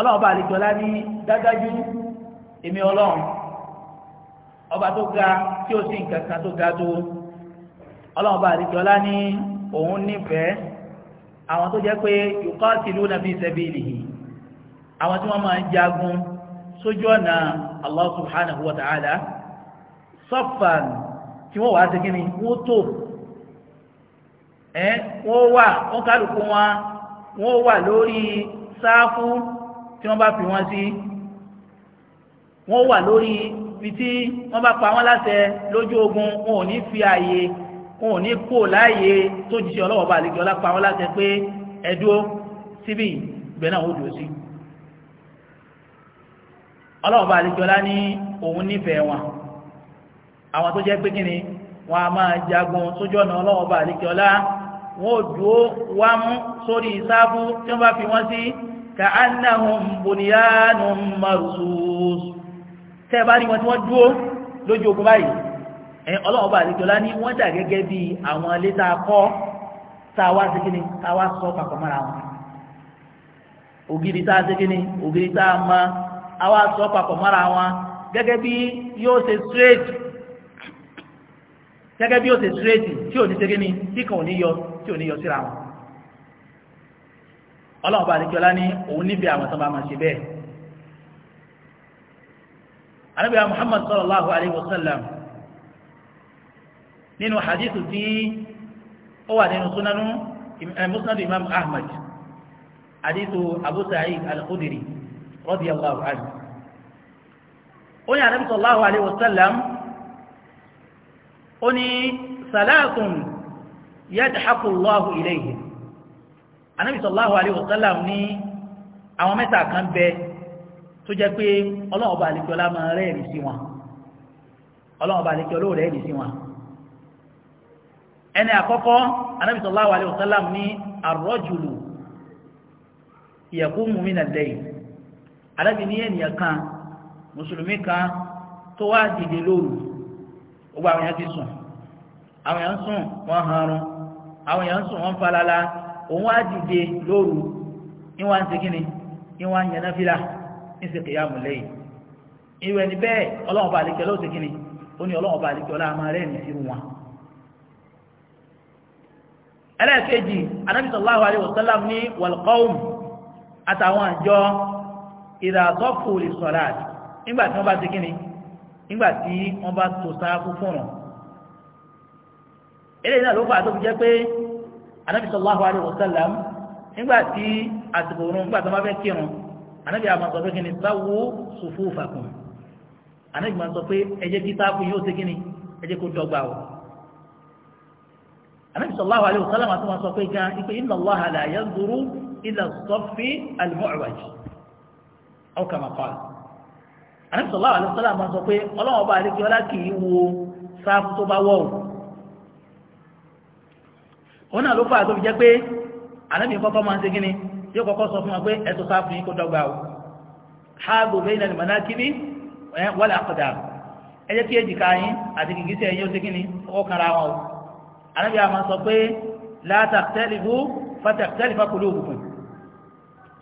ọlọ́ọ̀ba àlejòlá ní dájúdájú èmi ọlọ́run ọba tó ga tí ó sì nǹkan kan tó ga tó ọlọ́ọ̀ba àlejòlá ní òun nífẹ̀ẹ́ àwọn tó jẹ́ pé yuqatiluna fi sabilihi àwọn tí wọ́n máa ń jagun sójú ọ̀nà Allah subhanahu wa ta'ala saffan tí wọ́n wá sí kí ni wọ́n tó ẹ́ wọ́n wà wọ́n kálukú wọn wọ́n wà lórí sáfù tí wọ́n bá fi wọ́n sí wọ́n wà lórí ibi wọ́n bá pa wọ́n láṣẹ lójú ogun wọn ò ní fi ààyè wọn ò ní kó láàyè tó jíṣẹ́ ọlọ́wọ́ bá àlejò ọlápá wọn láti pé ẹdúró síbí ìgbẹ́ náà ó dùn sí ọlọ́wọ́ bá àlejò ọlá ní òun nífẹ̀ẹ́ wọn àwọn tó jẹ́ pé kí ni wọn a máa jagun sójú ọ̀nà ọlọ́wọ́ bá àlejò ọlá wọn ò dúró wá mú sórí sáfù tí wọ́n bá fi wọ́n sí ka'annahum bunyanun marsus tẹ́ẹ̀ bá rí wọn tí wọ́n dúró lójú ogun báyìí ẹ ọlọ́run bá àdìjọlá ní wọ́n dà gẹ́gẹ́ bí àwọn ilé a kọ́ tá a wá sí kíni tá a wá sọ papọ̀ mọ́ra wọn ògiri tá a sí kíni ògiri tá a mọ a wá sọ papọ̀ mọ́ra wọn gẹ́gẹ́ bí yóò ṣe straight gẹ́gẹ́ bí yóò ṣe straight tí ò ní ṣe kíni tí kò ní yọ tí ò ní yọ síra wọn ọlọ́run bá àdìjọlá ní òun nífẹ̀ẹ́ àwọn tó bá máa ṣe bẹ́ẹ̀ anábìyà Muhammad sallallahu alayhi wa sallam nínú hadithu tí ó wà nínú sunanu eh, musnadu imam ahmad hadithu abu sa'id al-khudri radiyallahu anhu ó ní anabi sallallahu alayhi wa sallam ó ní salatun yadhaku allahu ilayhi anabi sallallahu alayhi wa sallam ní àwọn mẹ́ta kan bẹ tó jẹ́ pé ọlọ́run ọba àlejò ọlá máa sí wọn ọlọ́run ọba àlejò ọlọ́run rẹ́ẹ̀rì sí wọn ẹni àkọ́kọ́ anábì sallallahu alaihi wasallam ní ar-rajulu yaqumu min al-layl anábì ní kan mùsùlùmí kan tó wá dìde lóru gbogbo àwọn èèyàn ti sùn àwọn sùn wọ́n hanrun àwọn sùn falala òun wá dìde lóru ìwà ń ṣe kíni ìwà ń yẹn náfìlà ń ṣe qiyāmu layl ìwẹ̀ ni bẹ́ẹ̀ bá àlekẹ́ ẹlẹ́ẹ̀kejì Ànábì sallallahu alaihi wasallam ní walqawm àtàwọn àjọ ìdàtọ́kù lè sọ̀rọ̀ àti nígbà tí wọ́n bá ti kíni nígbà tí wọ́n bá tó sáfù fún wọn. eléyìí náà ló fà tó fi jẹ́ pé Ànábì sallallahu alaihi wasallam nígbà tí àsìkò òun nígbà tí wọ́n anabi sallallahu alayhi wa sallam àti wọn sọ pé gan ipe inna allaha la yanzuru ila as-saffi al-mu'waj aw kama qala anabi sallallahu alayhi wa sallam máa sọ pé ọlọ́wọ́n bá àdékè ọlá kì í wo sáfù tó bá wọ̀ o òun náà ló fà tó fi jẹ́ pé anabi kọ́kọ́ máa ń segin ni yóò kọ́kọ́ sọ fún wa pé ẹ̀tọ́ sáfù yín kó dọ́gba o haago bayna al-manakibi eh, wal aqdam ẹ jẹ́ kí èjìká yín àti kìkì sí ẹ̀yìn ó segin ni ọkọ̀ kan ra wọn o anábì àmọ́ sọ pé la taktalifu fataktalifa qulubukum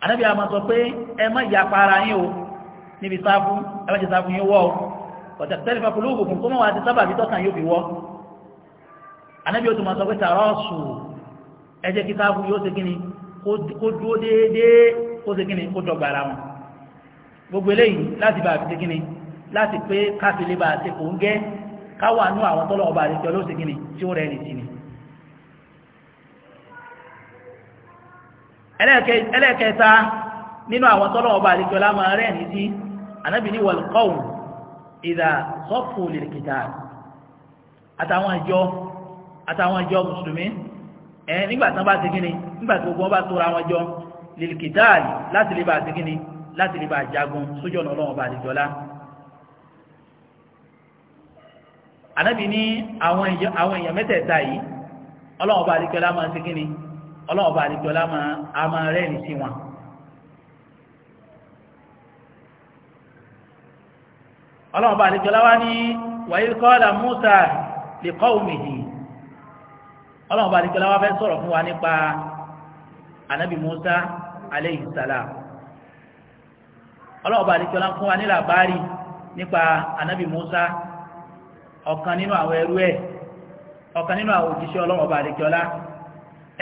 anábì àmọ́ sọ pé ẹ má yapa ara yín o níbi sáfù ẹ má ṣe sáfù yín wọ́ o fataktalifa qulubukum kó mọ̀ wá ti sábà bí tọ́kàn yóò fi wọ́ anábì ó tún máa sọ pé tàrọ́ọ̀sù ẹ jẹ́ kí sáfù yóò ṣe kíni kó dúó déédéé kó ṣe kíni kó dọ̀gba ara wọn gbogbo eléyìí láti bá àbíṣe kíni láti pé káfílẹ̀ bá àṣekò ń gẹ́ káwà nú àwọn tọ́lọ̀ ọba àríkẹ́ olóòsì gíní tí ó rẹ̀ ní sí ni ẹlẹ́ẹ̀kẹta nínú àwọn tọ́lọ̀ ọba àríkẹ́ ọlá máa rẹ̀ ní sí anábì ní wọ̀lùkọ́ùn ìdà sọ́fù lèrìkìtà àtàwọn ìjọ àtàwọn ìjọ mùsùlùmí ẹ nígbàtán bá ti gíní nígbàtí gbogbo wọn bá tóra wọn jọ lèrìkìtà láti lè bá ti gíní láti lè bá jagun sójú ọ̀nà ọlọ́wọ́n ọba àríkẹ́ ọlá anabi ní àwọn èèyàn mẹ́tẹ̀ẹ̀ta yìí ọlọ́wọ́ bá àdìkọ́lá máa ń ṣe kíni ọlọ́wọ́ bá àdìkọ́lá máa rẹ́ẹ̀nì sí wọn. ọlọ́wọ́ bá àdìkọ́lá wá ní wàyí kọ́lá Musa lè kọ́ òmìnì ọlọ́wọ́ bá àdìkọ́lá wá fẹ́ sọ̀rọ̀ fún wa nípa anabi Musa aleyhi salam ọlọ́wọ́ bá àdìkọ́lá fún wa ní làbárì nípa anabi Musa ọ̀kan nínú àwọn ẹrú ẹ̀ ọ̀kan nínú àwọn òjíṣẹ́ ọlọ́run ọba àdìkíọ́lá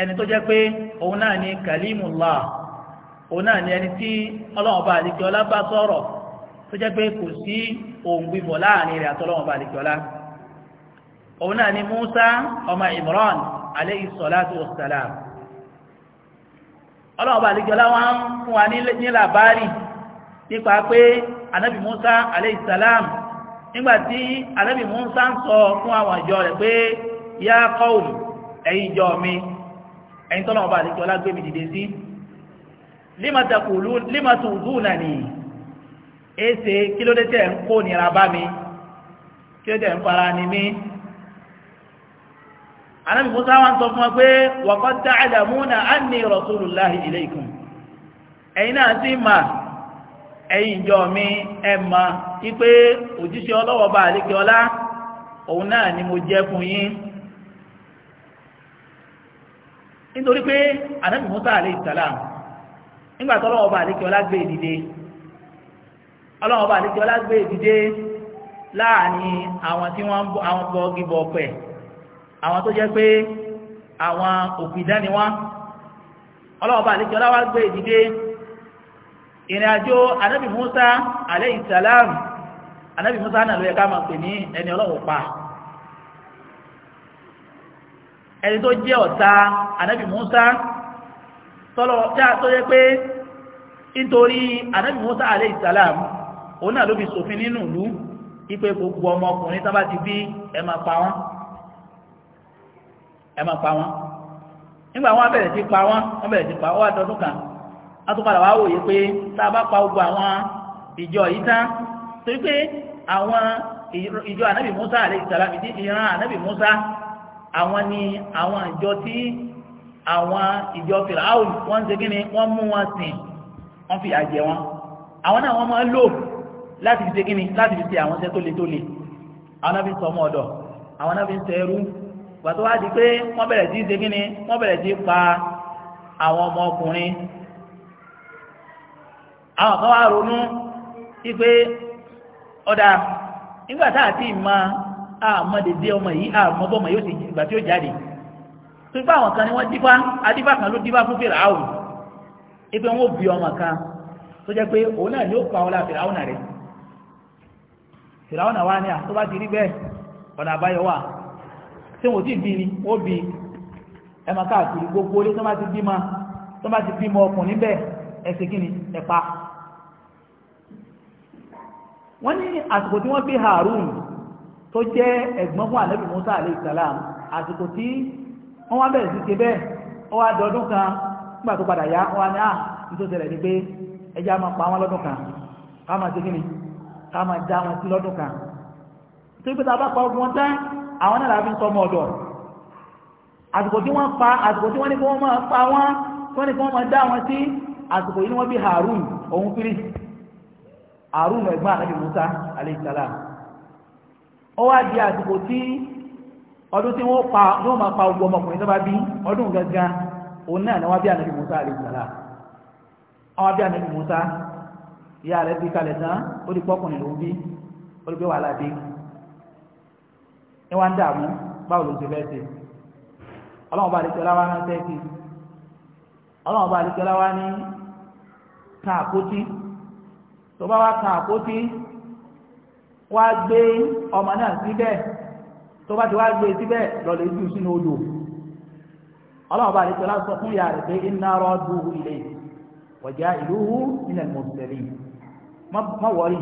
ẹni tó jẹ́ pé òun náà ni kalimullah òun náà ni ẹni tí ọlọ́run ọba àdìkíọ́lá bá sọ̀rọ̀ tó jẹ́ pé kò sí ohun gbígbọ̀ láàrin rẹ̀ àtọ́lọ́run ọba àdìkíọ́lá nígbàtí ànábì Mùsá ń sọ fún àwọn ìjọ rẹ̀ pé yá kọ́ọ̀lù ẹ̀yin ìjọ mi ẹ̀yin tọ́nà ọba àdéjọ lágbé mi dìde sí límàtù zúùnà ni èsè kí ló dé tẹ̀ ń kó nira bá mi kí ló dé ń fara ni mí ànábì Mùsá wá sọ fún wa pé wàkọ́ tá àdàmúnà á ní rasulullahi ilaykum ẹ̀yin náà sì mà ẹ̀yin ìjọ mi ẹ̀ máa ipe òjíṣẹ́ ọlọ́wọ́ bá àlékè ọlá òun náà ni mo jẹ́ fún yín nítorí pé ànábì Mùsá alayhi salam nígbà tó ọlọ́wọ́ bá àlékè ọlá gbé ìdìde ọlọ́wọ́ bá àlékè ọlá gbé ìdìde láàrin àwọn tí wọ́n àwọn bọ gíbọ̀ pẹ̀ àwọn tó jẹ́ pé àwọn òpìdán ni wọ́n ọlọ́wọ́ bá àlékè ọlá wá gbé ìdìde ìrìn àjò anábì Musa alayhi salam anábì Musa náà ló yẹ ká máa pè ní ẹni ọlọ́run pa ẹni tó jẹ́ ọ̀tá anábì Musa tọ́lọ̀ tó yẹ pé nítorí anábì Musa alayhi salam òun náà ló fi ṣòfin nínú ìlú ipe gbogbo ọmọkùnrin tó bá ti bí ẹ máa pa wọn ẹ máa pa wọn nígbà wọn bẹ̀rẹ̀ sí pa wọn wọn bẹ̀rẹ̀ sí pa wọn wá tọdún kan atúpadà wá wòye pé tá a bá pa gbogbo àwọn ìjọ yìí tán torí pé àwọn ìjọ ànábì Musa àlẹ́ ìsàlámì tí ìran ànábì Musa àwọn ni àwọn ìjọ tí àwọn ìjọ fìràáwò wọ́n ń ṣe kí ni wọ́n mú wọn sìn wọ́n fi àjẹ wọn àwọn náà wọ́n máa lò láti fi ṣe kí ni láti fi ṣe àwọn iṣẹ́ tó le tó le àwọn náà fi ń sọ ọmọ ọ̀dọ̀ àwọn náà fi ń sẹ́rú gbàtọ́ wá di pé wọ́n bẹ̀rẹ̀ sí ṣe kí ni wọ́n bẹ̀rẹ̀ sí pa àwọn ọmọ ọkùnrin àwọn kan wá ronú sí pé ọ̀dà nígbà tá àti ìmọ̀ àmọ́dédé ọmọ yìí àmọ́bọ́ ọmọ yóò sì ìgbà tí ó jáde tó àwọn kan ni wọ́n dífá adífá kan ló dífá fún fèrè bí ọmọ kan tó jẹ́ pé òun náà yóò pa ọlá fèrè áwùn rẹ̀ fèrè wa ni àtúbá ti rí bẹ́ẹ̀ ọ̀nà àbáyọ wà tí ti bí ni ó bí káàkiri gbogbo tó bá ti bímọ wọ́n ní àsìkò tí wọ́n fi Harun tó jẹ́ ẹ̀gbọ́n fún ànábì Musa alayhi salam àsìkò tí wọ́n wá bẹ̀rẹ̀ sí ṣe bẹ́ẹ̀ ó wá dọdún kan nígbà tó padà yá ó wá ní à ah, nítorí ṣẹlẹ̀ ni pé ẹjẹ́ a máa pa wọn lọ́dún kan ká máa ṣe kíni ká máa já wọn sí lọ́dún kan tó gbé tá a bá pa ogun wọn tán àwọn náà láàbí ń tọ́ ọmọ ọ̀dọ̀ àsìkò tí wọ́n pa àsìkò tí wọ́n ní kí wọ́n máa pa wọ́n tí wọ́n ní kí wọ́n máa dá wọn sí àsìkò yìí ni wọ́n bí Harun òun Fírísítì àrùn ẹ̀gbọ́n ànábì musa aleyhisalaam ó wá di àsìkò tí ọdún tí wọ́n pa ló máa pa ogun ọmọkùnrin tó bá bí ọdún gangan òun náà ni wọ́n bí ànábì musa aleyhisalaam àwọn bí ànábì musa ìyá rẹ̀ bí kalẹ̀ tán ó di pọ́kùnrin ló ń bí ó di pé wàhálà dé ẹ wá ń dààmú báwo ló ń ṣe fẹ́ ṣe ọlọ́run bá àdìsọ́lá wá ránṣẹ́ sí ọlọ́run bá àdìsọ́lá wá ní ká àkótí tó bá wá kan àpótí wá gbé ọmọ náà síbẹ̀ tó bá ti wá gbé síbẹ̀ lọ́lẹ̀ jù sínú odò ọlọ́run bá àdìsọ́lá sọ fún ìyá rẹ̀ pé iná rọ́ọ̀dù ilé wọ̀já ìlú nílẹ̀ mọ̀tẹ́lì má wọ́rí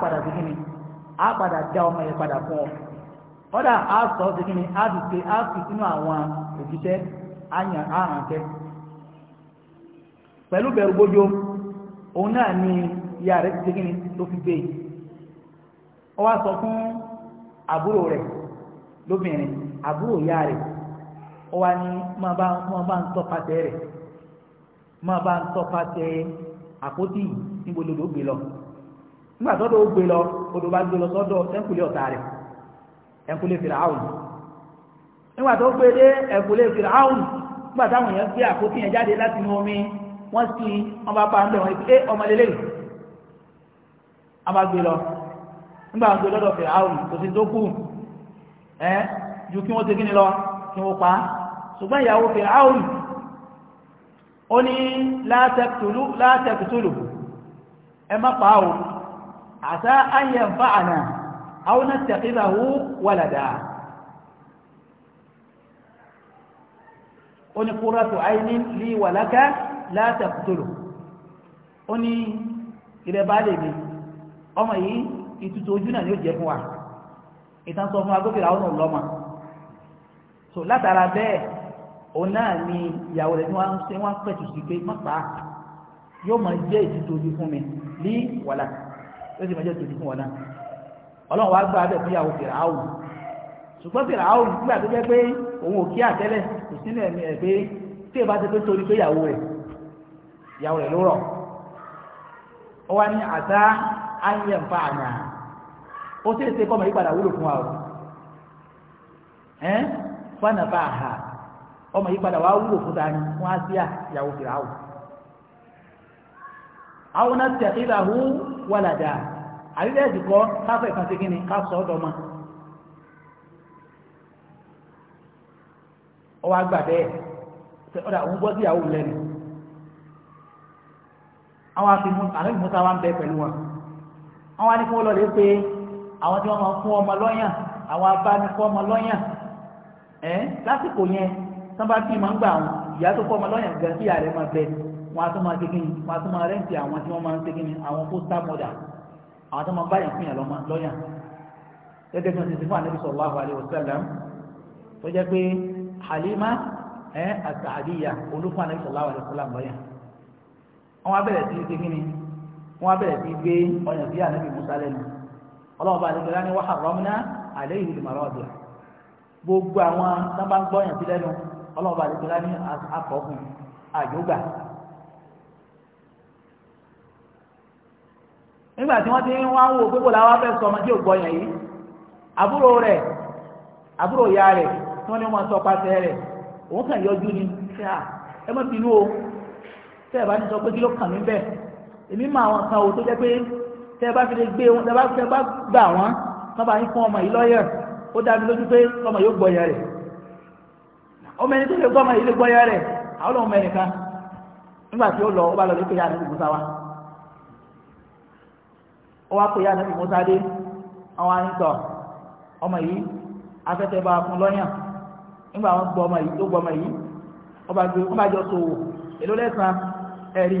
padà sí kíni á padà já ọmọ yẹn padà fún ọ kọ́dà sọ sí kíni ìyá rẹ̀ ti ṣe kí ni ló fi gbé e ó wá sọ fún àbúrò rẹ̀ lóbìnrin àbúrò ìyá rẹ̀ ó wá ní máa bá máa bá ń tọpasẹ̀ rẹ̀ máa bá ń tọpasẹ̀ àpótí níbo lodò gbé lọ nígbà tọ́dọ̀ ó gbé lọ odò bá gbé lọ sọ́dọ̀ ẹ̀kúlé ọ̀tá rẹ̀ ẹ̀kúlé fìlà áwùn nígbà tó gbé dé ẹ̀kúlé fìlà áwùn nígbà táwọn èèyàn gbé àpótí yẹn jáde láti inú omi wọ́n sì wọ́n bá pa ń bẹ̀ wọ́n ẹ ọmọ lélẹ́yìn a bá gbé lọ nígbà wọn gbé lọ́dọ̀ fẹ̀ áwùn kò sí tó kù ẹ ju kí wọ́n ti kíni lọ kí wọ́n pa ṣùgbọ́n ìyàwó fẹ̀ áwùn ó ní látẹ̀kùtùlù ẹ má pa áwùn àtà ayẹ̀ ń àná àwọn tẹ̀kíláwó wàlàdà ó ní kúrọ́tù àìní lè wà lákà látẹ̀kùtùlù ó ní ìrẹ̀bá lè mi ọmọ yìí ìtutù ojú náà ni ó jẹ fún wa ìtàn sọ fún wa gókè làwọn so látara bẹ́ẹ̀ òun náà ni ìyàwó rẹ̀ tí wọ́n ṣe wọ́n pẹ̀tù sí pé má pa yóò máa jẹ́ ìtutù ojú fún mi ní wàlà yóò sì máa jẹ́ ìtutù fún wàlà ọlọ́run wá gbá abẹ́ fún ìyàwó fèrè áwù ṣùgbọ́n fèrè áwù nígbà tó jẹ́ pé òun ò kí àtẹ́lẹ̀ kò sínú ẹ̀mí ẹ̀ pé tí ìbá ti pé torí pé ìyàwó rẹ̀ ìyàwó rẹ̀ ló rọ̀ ó wá ní àtá ayé nfa àná ó sì ṣe kọ́mọ̀ yìí padà wúlò fún wa o ẹ́n fana bá a ha ọmọ yìí padà wá wúlò fún dání fún asia ìyàwó fìlà áwò àwọn náà tẹ̀ ìlà hu wàlàdà àrídẹ́ ìdìkọ́ káfẹ́ kan sí kínní ká sọ ọ́ dọ́mọ. ọwọ́ àgbà bẹ́ẹ̀ ọ̀dà òun bọ́ sí ìyàwó lẹ́nu àwọn afi mú àlẹ́ ìmúta wa ń bẹ pẹ̀lú wọn wọ́n wá ní kó lọ́lẹ̀ pé àwọn tí wọ́n máa fún ọmọ lọ́yàn àwọn abánikọ́ ọmọ lọ́yàn ẹ̀ lásìkò yẹn tán bá bíi máa ń gbà wọn ìyá tó fọ́ ọmọ lọ́yàn gan sí ààrẹ máa bẹ wọn a tún máa ṣe kíni wọn a tún máa rẹ́ǹtì àwọn tí wọ́n máa ń ṣe kíni àwọn pósítà mọ́dà àwọn tó máa báyàn fún yàn lọ́yàn gẹ́gẹ́ bí wọ́n ti ti fún ànábì sallallahu alaihi wasallam tó jẹ́ pé Halima ẹ̀ àtàdíyà olúfún ànábì sallallahu alaihi wasallam lọ́yàn àwọn abẹ́rẹ́ sí ṣe kíni wọ́n bẹ̀rẹ̀ sí gbé ọyàn sí ànábì musa lẹ́nu ọlọ́run bá ní wàhálà rọ́mìnà àlẹ́ ìlú màrọ́ ọ̀dẹ̀ gbogbo àwọn sábà ń gbọ́ sí lẹ́nu ọlọ́run bá ní akọ̀ọ̀kùn àjọgbà gbogbo làwọn sọ ọmọdé ògbọ́ yẹn yìí àbúrò rẹ̀ àbúrò ìyá rẹ̀ tí wọ́n ní sọ pàṣẹ rẹ̀ òun kàn yọjú ni ẹ èmi mọ àwọn kan ò tó jẹ́ pé tẹ́ bá fi lè gbé wọn tẹ́ bá gbà wọ́n tán bá yín fún ọmọ yìí lọ́yẹ̀ ó dá mi lójú pé ọmọ yóò gbọ́yà rẹ̀ ọmọ ẹni tó lè gbọ́ ọmọ yìí lè gbọ́yà rẹ̀ àwọn ọmọ ẹnìkan nígbà tí ó lọ ó bá lọ lè pèyà ànábì Mùsá wa ó wá pèyà ni Mùsá dé àwọn àyíntọ ọmọ yìí afẹ́tẹ́ bá fún lọ́yàn nígbà wọn gbọ́ ọmọ yìí tó gbọ́ ọmọ yìí ó bá jọ sòwò èló lẹ́sàn-án ẹ̀rí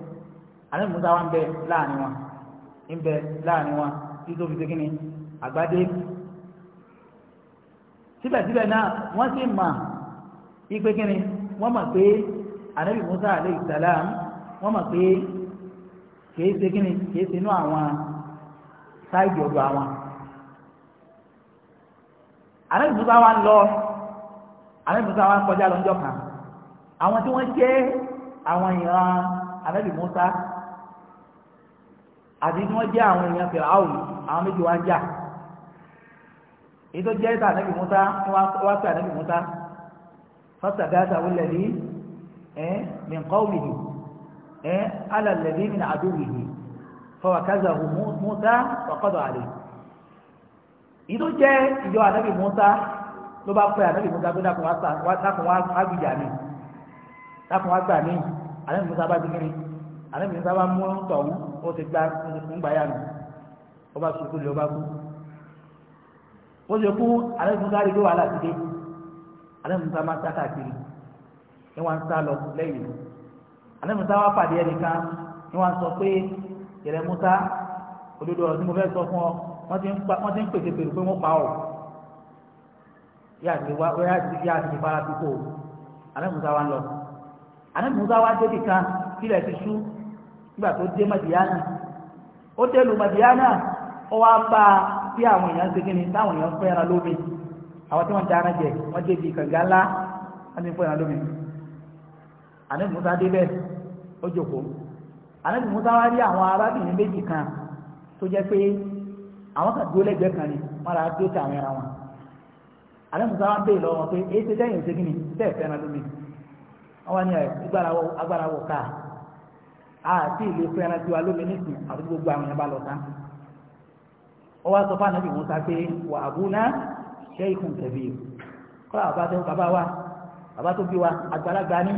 àlẹ́ musa wa ń bẹ láàrin wọn ń bẹ láàrin wọn tí tó fi ṣe kínní àgbàdé síbẹ̀síbẹ̀ náà wọ́n sì mà ipe kínní wọ́n mọ̀ pé anabi musa aleyhi salam wọ́n mọ̀ pé kìí ṣe kínní kìí ṣe inú àwọn sáìdì ọ̀dọ̀ àwọn anabi musa wa ń anabi musa wa ń kọjá kan àwọn tí wọ́n jẹ́ àwọn ìran anabi musa àti tí wọ́n jẹ́ àwọn èèyàn fèrè áwùn àwọn méjì wá ń jà èyí tó jẹ́ ìta ànábì Mùsá wá pé ànábì Mùsá fásitì àdáyàtà wọlé ní ẹ mìǹkọ́ wìhì ẹ alàlẹ́bí mi nàá dùn wìhì fọwọ́kázà hù Mùsá ọ̀kọ́dọ̀ àlè èyí tó jẹ́ ìjọ ànábì Mùsá ló bá pé ànábì Mùsá pé dákun wá gbìyà mi dákun wá gbà mí ànábì Mùsá bá ti kiri àlẹ́bí ní sábà mú tọ̀hún ó ti gba ńgbà yá nù ó bá sùkú lè ó bá kú ó ṣe kú àlẹ́bí ní sáré ló wà dé àlẹ́bí sábà sá káàkiri ni wọ́n ń sá lọ lẹ́yìn àlẹ́bí ní sábà pàdé ẹnìkan ni wọ́n sọ pé yẹ̀rẹ̀ Musa òdodo ọ̀rọ̀ tí mo fẹ́ sọ fún ọ wọ́n ti ń pèsè pèrè pé wọ́n pa ọ́ yá àti wá yá àti yá àti ìfara pípò sábà ń lọ àlẹ́bí sábà débi kan sílẹ̀ ti sú nígbà tó dé madiana ó délùú madiana ó wá bá bí àwọn èèyàn ṣe kí ni táwọn èèyàn fẹ́ràn lómi àwọn tí wọ́n jẹ wọ́n débi kànga ńlá wọ́n ti fẹ́ràn lómi ànábì musa débẹ̀ ó jókòó ànábì musa wá rí àwọn arábìnrin méjì kan tó jẹ́ pé àwọn kan dúró lẹ́gbẹ̀ẹ́ kan ni wọ́n ra dúró tàwọn àti ìlú fẹ́ràn tiwa lómi nísìn àti gbogbo àwọn yẹn bá lọ tán ó wá sọ fún anabi musa pé wà abúná shaykhun kabir kọ́lá bàbá tó bàbá wa bàbá tó bí wa àgbàlagbà ni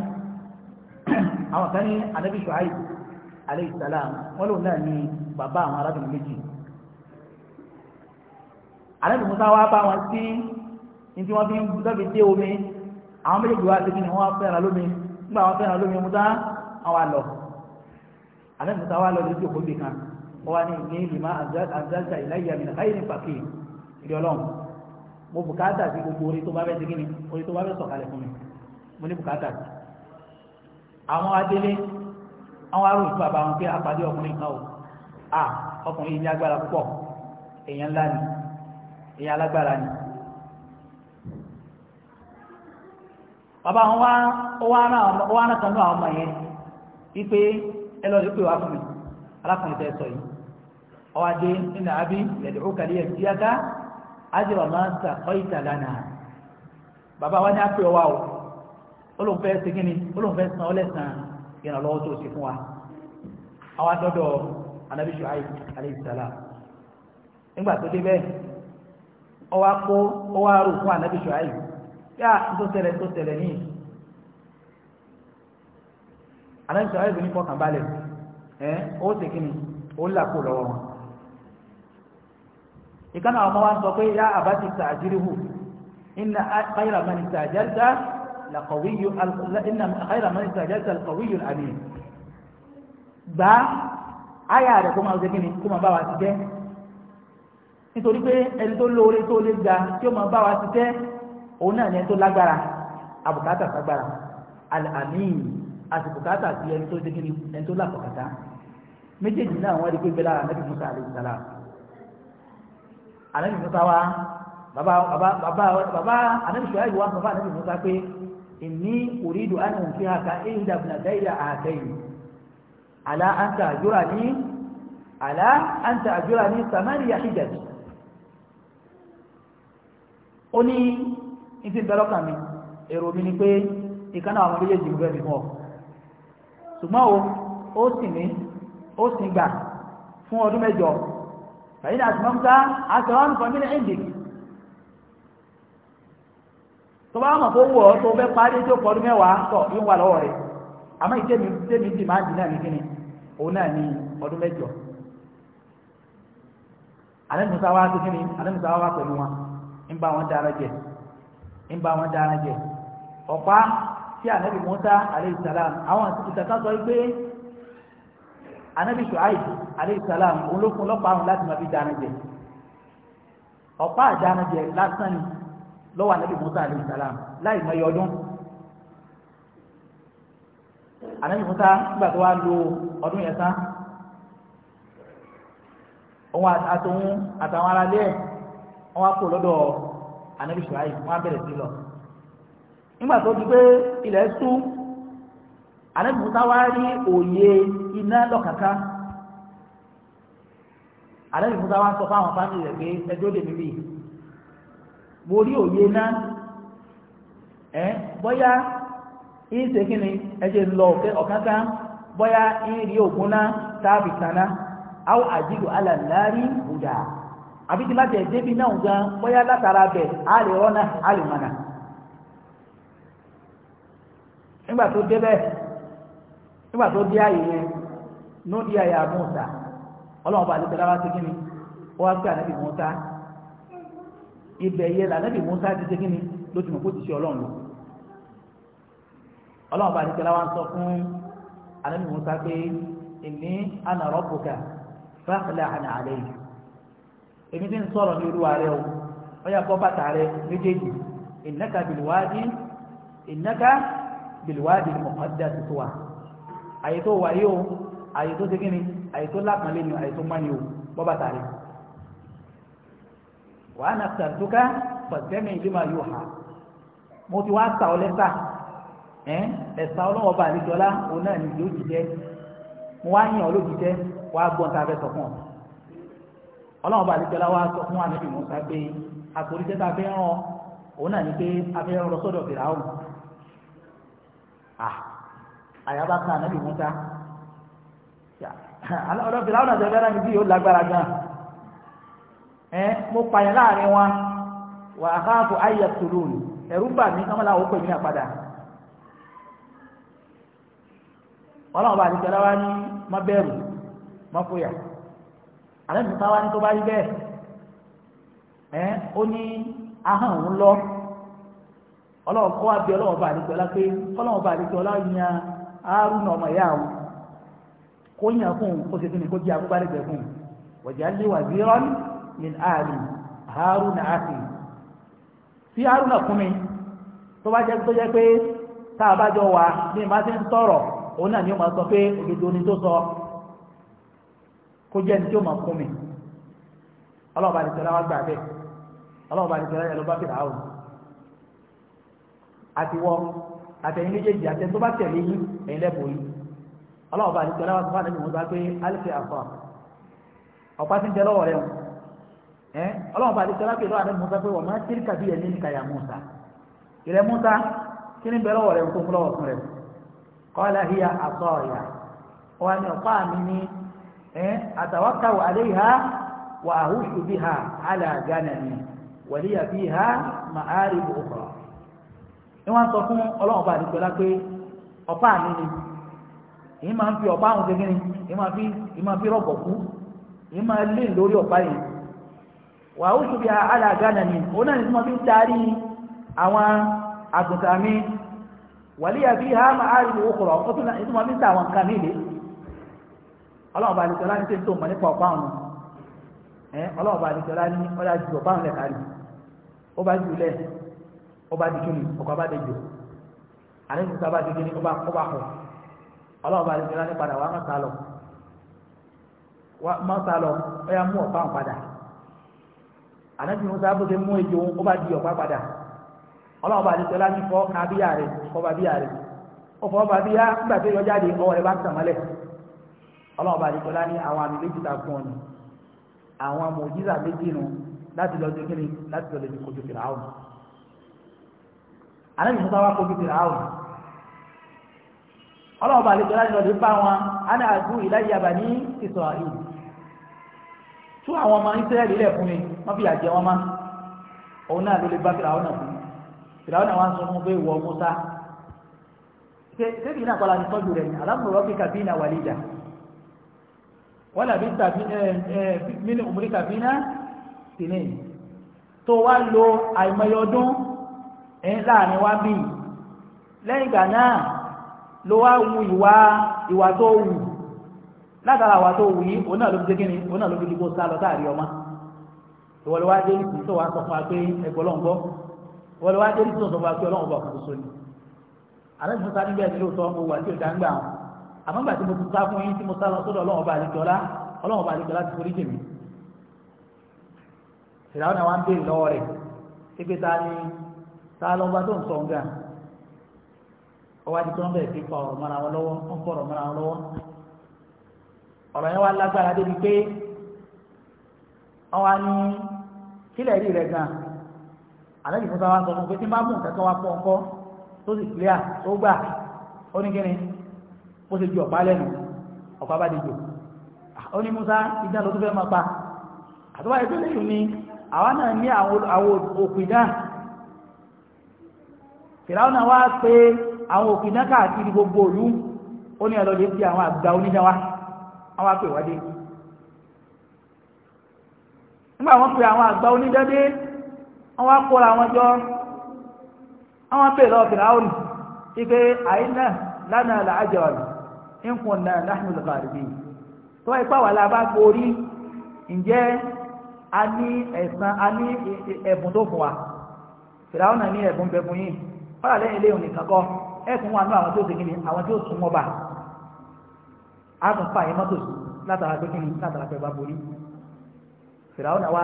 àwọn kan ní anabi shuaib aleyhi salam wọn lòun náà ní bàbá àwọn arábìnrin méjì anabi musa wa bá wọn sí ní tí wọn fi ń lọ́bi dé omi àwọn méjèèjì wa ti kí ni wọn fẹ́ràn lómi nígbà wọn fẹ́ràn lómi musa àwọn àlọ́ alẹ́ musa wa lọ sí ìjòkó bì kan ó wá ní ìní ìlú máa àzálta ìláyà mi káyé ní pàkì ìdí ọlọ́run mo bùkátà sí gbogbo orí tó bá fẹ́ segin ni orí tó bá fẹ́ sọ̀kalẹ̀ fún mi mo ní bùkátà sí. àwọn adélé àwọn arúgbó fún bàbá wọn pé àpàdé ọkùnrin kan o à ọkùnrin yìí ní agbára púpọ̀ èèyàn ńlá ni èèyàn alágbára ni. bàbá wọn wá ó wá rán àwọn ọmọ yẹn wípé ẹ pé wàá fún mi alákùnrin tẹ sọ yìí ọwọ́ adé nínú àbí yẹ̀dùkú kàlí ẹ̀ díyàká ájẹ̀wà máa ń ta bàbá wa ní á ọ o olùfẹ́ segini olùfẹ́ san ọlẹ́sàn ìrànlọ́wọ́ tó ti fún wa àwọn adọ́dọ̀ anabi Shuaib alayhi nígbà tó dé bẹ́ẹ̀ ọwọ́ akó ọwọ́ arò fún anabi Shuaib yá tó aláìsàn ayé ìbìnrin fọkàn balẹ̀ ẹ́ ó sì kí ni ó làkó lọ́wọ́ wọn ìkànnà àwọn ọmọ wa ń sọ pé yá àbáti sàájírìhù inna khayra man ista'jalta laqawiyyu inna khayra man ista'jalta al-qawiyyu al-amin gbá ayà rẹ̀ kó máa ṣe kí ni kó máa bá wa ti jẹ́ nítorí pé ẹni tó lóore tó lè gba tí ó máa bá wa ti jẹ́ òun náà ni ẹni tó lágbára àbùkátà sagbára al àsìkò káàtà sí ẹni tó dégbé ẹni tó làkọ̀kàtà méjèèjì náà wọ́n di pé bẹ́lá anábì musa alayhi salam anábì musa wa bàbá bàbá bàbá anábì sọ ayé wa sọ fún anábì musa pé inni uridu an unkiha ihda ibnatayya àtẹ̀yìn àlá an ta'jurani àlá an ta'jurani samaniya hijaj ó ní ìsìn bẹ́lọ́kàn mi èrò mi ni pé ìkànnà àwọn méjèèjì ń fẹ́ mi fún ọ. ṣùgbọ́n o ó sì ní ó sì gbà fún ọdún mẹ́jọ fẹ̀yìn àti mọ́múta àtọ̀rọ̀ nǹkan nílẹ̀ indik tó bá mọ̀ fún wọ̀ tó fẹ́ parí tó pọ̀ ọdún mẹ́wàá tọ̀ yóò wà lọ́wọ́ rẹ̀ àmọ́ ìtẹ́mi tẹ́mi ti máa náà ní kíni òun sí anabi musa aleyhi salam àwọn ìtàkà sọ pé anabi shuaib aleyhi salam olókun lọ́pàá àwọn láti máa fi dáná jẹ ọ̀pá àdáná jẹ lásán ni lọ́wọ́ anabi musa aleyhi salam láì mọ iye ọdún anabi musa nígbà tó wá lo ọdún yẹn tán òun àtàwọn aráalé ẹ̀ wọ́n wá kó anabi shuaib wọ́n á sí lọ. nígbà tó di pé ilẹ̀ sú ànábì Mùsá wá rí òye iná lọ́kàkà ànábì wá sọ fáwọn fámìlì rẹ̀ pé ẹjọ́ lè bíbí mo rí òye iná ẹ bóyá yín ṣe kí ni ẹjẹ lọ na bóyá yín rí ògùn náà táàbì kaná àwọn àjílù alàlárí bùdà àbí tí débi náà gan látara bẹ̀ rọ́nà nígbà tó débẹ̀ nígbà tó dé àyè yẹn ní ó di àyè àmúta ọlọ́run bá àdébẹ̀lá wá sí kí ni ó wá pé ànábì Mùsá ibẹ̀ yẹn lànábì Mùsá ti ṣe kí ni ló ti mọ̀ kó ti ṣe ọlọ́run lò ọlọ́run bá àdébẹ̀lá wá sọ fún ànábì Mùsá pé èmi àná rọ́bùkà fáfilà àná àlẹ́ yìí èmi ti ń sọ̀rọ̀ ní olúwa rẹ o ó yà bọ́ bàtà rẹ méjèèjì ìnáka bìlúwádìí bilwadi muqaddas tó wà àyè tó wà yóò àyè tó tegini àyè tó lápàlẹ ni àyè tó mọni o bọba tààrí wà á nà sàtúkà fọtẹmí lima yóò ha mo ti wá sa ọ lẹsà ẹ ẹsà ọlọ́wọ́ òun náà ni yóò jíjẹ mo wá yàn ọ ló jíjẹ wàá gbọ́n tá a fẹ́ sọ fún ọ ọlọ́wọ́ bá àlejòlá wàá sọ fún wa níbi mọ̀ọ́sá pé àkòrí ni pé a fẹ́ Ah, àyà bá kan ànábì Mùsá ọlọ́fìlà ọ̀nà àti ọ̀gbẹ́rẹ́ mi bí yóò lágbára gan ẹ mo pààyàn láàrin wọn wà á ayé tòló ẹ̀rú bà mí kọ́mọ́lá àwọn òpè mí náà padà ọlọ́run bá àdìsẹ́ láwa ní má bẹ̀rù má fòyà àlẹ́ mi sáwá ní tó bá rí bẹ́ẹ̀ ó ní ahọ́n lọ́ọ́. ọlọ́run kọ́ àbí ọlọ́run bá àdìsọ ọlá pé ọlọ́run bá àdìsọ ọlá yan àárùn ọmọ ìyá àwọn kó yàn fún un kó ṣe fún mi kó jẹ́ àkúgbálẹ̀gbẹ̀ fún un wọ̀jà lé wà zírọ́n ní ààrùn àárùn àti tí àárùn náà fún mi tó bá jẹ́ tó jẹ́ pé tá a bá jọ wà ní ìmá ti ń tọrọ òun náà ni ó máa sọ pé òdodo ni tó sọ kó jẹ́ ní tí ó máa fún mi ọlọ́run bá àdìsọ ọlá wá gbà bẹ́ẹ̀ ọlọ́run bá àdìsọ ọlá yẹn ló àtiwọ́ àtẹ̀yìn méjèèjì àtẹ̀ tó bá tẹ̀lé yín ẹ̀yin lẹ́bùn yín ọlọ́ọ̀bá àti tẹ̀lé wọn fún àdébìmọ̀ bá pé alẹ́ àfà ọ̀pá ti ń tẹ lọ́wọ́ rẹ̀ ẹ̀ ọlọ́ọ̀bá àti tẹ̀lé pé lọ́wọ́ àdébìmọ̀ bá pé wọ́n máa ti kàbí ẹ̀ nínú kàyà Musa ìrẹ̀ Musa kí ni bẹ̀rẹ̀ wọ̀rẹ̀ tó fúlọ̀ fún rẹ̀ kọ́lá hiya àtọ́ọ̀yà wọ́n ni ọ̀pá mi ní ẹ̀ àtàwákàwọ̀ àléhà wà áhùṣù ni wọ́n sọ fún ọlọ́run bá àdìgbọ́lá pé ọ̀pá àlè ni èyí máa ń fi ọ̀pá àwọn gẹ́gẹ́ ni èyí máa fi èyí máa fi rọ̀gbọ̀ kú èyí máa lé lórí ọ̀pá yìí wà ni òun náà ni wọ́n fi ń taari àwọn àgùntàn mi ha máa owó kọ̀rọ̀ ó tún ní wọ́n fi ń ta àwọn nǹkan nílé ọlọ́run bá mọ̀ nípa ọ̀pá ọlọ́run bá ọba di kíni ọkọ̀ bá dejò àní sísá bá di kíni ọba ọba kọ̀ ọlọ́run bá di kíni láti padà wà má sá lọ má sá lọ ó yà mú ọ̀pá padà àní sísá bá bó ṣe mú ejò ọba di ọ̀pá padà ọlọ́run bá di kíni láti fọ́ abíyá rẹ̀ ọba abíyá rẹ̀ ọ̀fọ̀ ọba abíyá nígbà tó yọ jáde ọwọ́ rẹ̀ bá tàn mọ́lẹ̀ ọlọ́run bá di kíni láti àwọn àmì méjì ta fún ọ àwọn mòjísà méjì nù láti lọ sí kíni láti lọ lè kojú fìlà áwọn àlẹ́ ìmúta wá kó bìtìrà áwùn ọlọ́ọ̀bà àlejò láti lọ́dún bá wọn á ní àdú ìdáyàbà ní Ísírẹ́lì tú àwọn ọmọ Ísírẹ́lì lẹ̀ fún mi wọ́n fi àjẹ wọn má òun náà ló lè bá fìrà áwùn náà fún fìrà áwùn náà wá ń sọ fún pé ìwọ Mùsá tẹ́bí náà kọ́lá ní tọ́jú rẹ̀ ní alámùrọ̀ bí kàbínà wà lìjà wọ́n làbí mínú òmùrí kàbínà ẹ̀yìn láàrin wá bì lẹ́yìn ìgbà náà ló wá wu ìwà ìwà tó wù látara ìwà tó wù yìí òun náà ló fi kíni òun náà ló fi dìbò sá lọ táàrí ọmọ ìwọ ló wá dé ní sísọ wa sọ fún wa pé ẹgbọ́ lọ́n gbọ́ ìwọ ló wá dé ní sísọ sọ fún wa pé ọlọ́run bọ̀ kò sóni àlẹ́ mi sá níbẹ̀ ní lóòótọ́ mo wà tí ò dáńgbà àwọn àmọ́ ìgbà tí mo ti sá fún yín tí mo sá lọ sọ́dọ̀ ọlọ́run àlejò ọlá ọlọ́run ni ta lọ́gbà tó ń sọ ń gà ọwọ́ àti tó ń bẹ̀rẹ̀ sí fa ọ̀rọ̀ mọ́ra wọn lọ́wọ́ ń fọ̀rọ̀ mọ́ra wọn lọ́wọ́ ọ̀rọ̀ yẹn wá lágbára débi pé ọwọ́ á ní kílẹ̀ rí rẹ̀ gan àlejò fún sáwọn sọ fún pé tí máa mú nǹkan kan wá pọ̀ ńkọ́ tó sì clear tó gbà ó ní kíni ó ti ju ọ̀pá lẹ́nu ọ̀pá bá ti jò ah, ó ní Musa ìdá fẹ́ máa pa àtúwáyé tó léyìn ní àwa náà ní àwọn òkú ìdá fìràwọn náà wá pé àwọn òfin náà káàkiri gbogbo òlú ó ní ẹlọ́dẹ ti àwọn àgbà onídàwá àwọn apè wádé nígbà wọn pe àwọn àgbà onídàdé wọn wá kóra wọn jọ àwọn apè lọ fìràwọn ipe àyínà lánàá làájọ ń kùn náà láhùn lùkàrìbì tó wáyé pàwọ́ la bá gborí ǹjẹ́ a ní ẹ̀san a ẹ̀bùn tó fún wa fìràwọn ní ẹ̀bùn bẹ̀ yìí kọ́lá lẹ́yìn ilé òní kankọ́ ẹ̀kún wà ní àwọn tí ó ti kíni àwọn tí ó sún mọ́ba àtúnfà yẹn mọ́tò látara pé kíni látara pé bá borí fìràwọ́n wa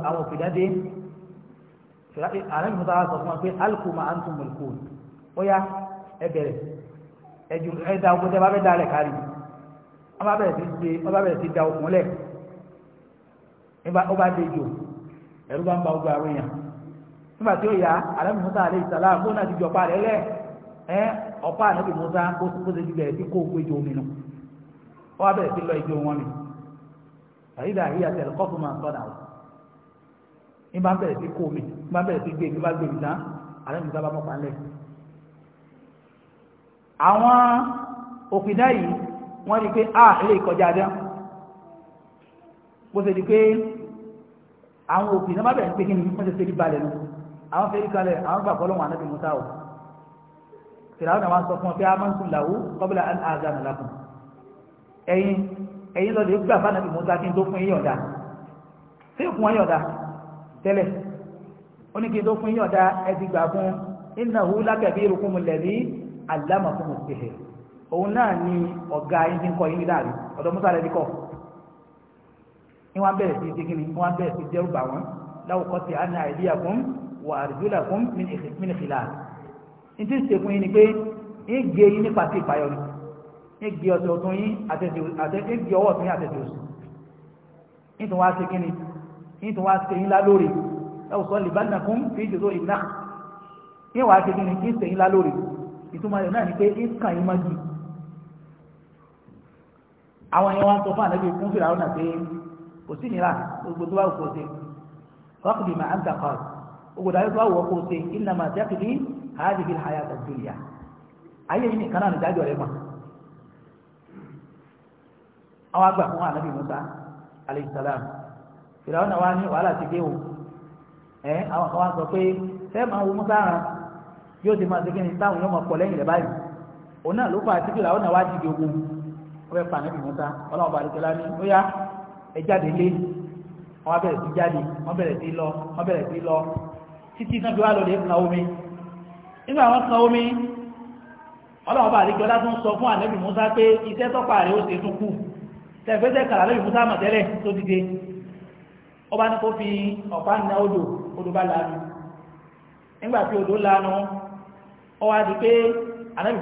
àwọn òfìdádé àlẹ́ ìmúta wa sọ fún wa pé alukuma antum mulkun ó yá ẹ bẹ̀rẹ̀ ẹ̀jú ẹ̀dá ogun tẹ́ bá fẹ́ dalẹ̀ kárí ọba bẹ̀rẹ̀ sí ṣe ọba bẹ̀rẹ̀ sí da okun lẹ̀ ó bá dé jò ẹ̀rú bá ń ba ogun àwọn èèyàn nígbà tí ó yá alẹ́ musa alayhi salam bó náà ti jọ parẹ́ lẹ́ ẹ ọ̀pá ànábì musa kó kó ṣe jùlọ ẹ̀sìn kó gbé jòmí nù ó wá bẹ̀rẹ̀ sí lọ ìjọ wọn mi àyídà àyí àti ẹ̀lẹ́kọ́ fún máa sọ̀dà o ní bá bẹ̀rẹ̀ sí kó mi ní bá bẹ̀rẹ̀ sí gbé mi bá gbé mi tán alẹ́ musa bá mọ̀pá lẹ̀ àwọn òpìdá yìí wọ́n rí pé a ilé ìkọjá dán bó ṣe di pé àwọn òpìdá má bẹ̀rẹ̀ sí pé kí ni àwọn fẹ́ẹ́ kalẹ̀ àwọn gbà fọlọ́wọn ànábì Musa o fìlàwọn náà wá sọ fún ọ pé a máa ń sùn làwù kọ́bílà àzànà làkùn ẹ̀yin ẹ̀yin lọ́dẹ̀ gbà fún ànábì Musa kí n tó fún yín yọ̀ǹda ṣé fún wọn yọ̀ǹda tẹ́lẹ̀ ó ní kí n tó fún yín yọ̀ǹda ẹ ti gbà fún innahu lakabirukum alladhi allamakum as-sihr òun náà ni ọ̀gá yín ti ń kọ́ wà àdúgbò fún mínísílà ní ti ṣe fún yín ni pé ń gé yín nípa sí ìpayọ ni ń gé ọ̀sẹ̀ ọ̀tún yín àtẹ̀tẹ̀ ń gé ọwọ́ ọ̀tún yín àtẹ̀tẹ̀ òsì ń tún wá ṣe kí ni ń tún wá ṣe yín lá lórí ẹ̀ sọ lìbánà fún fíjì tó ìgbà ń wá ṣe kí ni ń ṣe yín lá lórí ìtumọ̀ rẹ̀ náà ni pé ń kàn yín mọ́jú àwọn yẹn wá sọ fún àlejò fún fìlà ọ̀nà pé kò sí nira gbogbo tó bá kò ṣe fọ́ọ̀kì ògbòdà yóò tó àwọ̀ kó ṣe iná máa jẹ́ kìí ààbì bí àyà tàbí ìyá ayé yìí nìkan náà ní dájọ́ rẹ̀ mọ̀ àwọn àgbà fún ànábì Musa alayhi salam ìràwọ̀n náà wá ní wàhálà ti dé o ẹ àwọn kan wá sọ pé fẹ́ wo Musa hàn yóò ti máa ṣe kí táwọn yóò máa pọ̀ lẹ́yìn rẹ̀ báyìí òun náà ló fà á títí ìràwọ̀n náà wá dìde ogun ó fẹ́ pa ànábì Musa ọlọ́run bá àdìsọ́lá ní ó yá ẹ jáde lé wọ́n bẹ̀rẹ̀ sí jáde wọ́n bẹ̀rẹ̀ sí lọ wọ́n bẹ̀rẹ̀ sí lọ títí náà bí wá lòlẹ̀ ìpìnà omi nígbà wọn kan omi ọlọ́wọ́ bá àdéjọ́ látún sọ fún ànábì Musa pé iṣẹ́ tọ́pa rẹ̀ ó ṣe tún kù tẹ̀fẹ́sẹ̀ kàrà lẹ́bì Musa mọ̀tẹ́lẹ̀ tó dìde ọba ní kó fi ọ̀pá nà odò odò bá lanu nígbà tí odò lanu ó di pé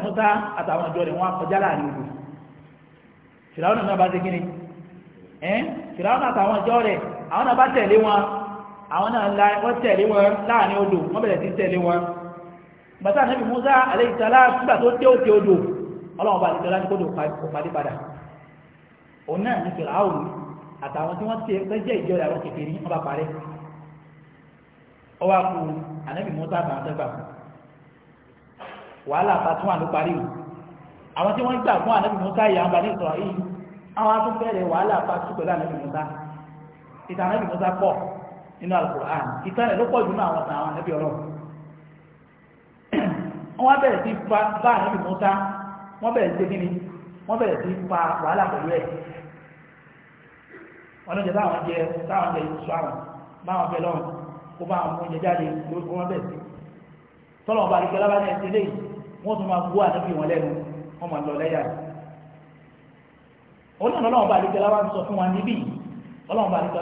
Musa àtàwọn ìjọ rẹ̀ wọn kọjá láàrin odò náà bá ṣe kíni ẹ́ àtàwọn ìjọ rẹ̀ àwọn náà bá tẹ̀lé àwọn náà wọ́n tẹ̀lé wọn láàrin odò wọ́n bẹ̀rẹ̀ sí tẹ̀lé wọn bàtà nẹ́bí Musa aleyhisala nígbà tó dé òkè odò ọlọ́run bá aleyhisala ní kódò pàdé padà òun náà ní fèrè áwòrán àtàwọn tí wọ́n ti fẹ́ jẹ́ ìjọ ìyàwó kékeré wọ́n bá parẹ́ ọwọ́ àkú anẹ́bí Musa àtàwọn tẹ́gbà wàhálà bá tún wà ló parí àwọn tí wọ́n gbà fún anẹ́bí Musa ìyàwó bá ní ìsọ̀rọ̀ yìí àwọn atúnfẹ́rẹ̀ wàhálà bá tún pẹ̀lú anẹ́bí Musa ìtàn anẹ́bí Musa pọ̀ nínú alukur'an ìtàn ló pọ̀ jù ní àwọn tàwọn ọlọ́run wọ́n wá bẹ̀rẹ̀ sí bá ànábì Mùsá wọ́n bẹ̀rẹ̀ sí kíni wọ́n bẹ̀rẹ̀ sí fa wàhálà pẹ̀lú ẹ̀ wọ́n lóúnjẹ táwọn jẹ táwọn jẹ àwọn báwọn kó bá àwọn oúnjẹ jáde wọ́n bẹ̀rẹ̀ sí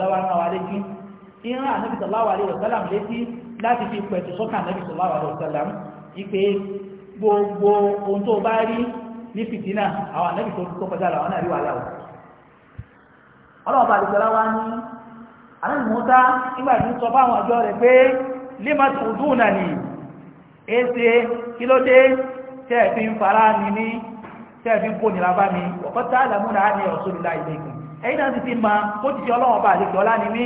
tọ́lọ̀ ní ìran ànábì sallallahu alaihi wasallam létí láti fi pẹ̀tù sọ́kà ànábì sallallahu alaihi wasallam ipe gbogbo ohun tó bá rí ní fìtínà àwọn ànábì tó kọjá làwọn náà rí wàhálà o ọlọ́wọ́ bá àdìsọ́lá wá ní ànábì Mùsá nígbà tí ń sọ fáwọn àjọ rẹ̀ pé lima tùdúnà ni èsè kí ló dé tẹ́ẹ̀ fi ń fara ni ní tẹ́ẹ̀ fi ń ẹ̀yìn náà ti ti ma ó ti ṣe ọlọ́wọ́ bá àdìsọ́lá ni mí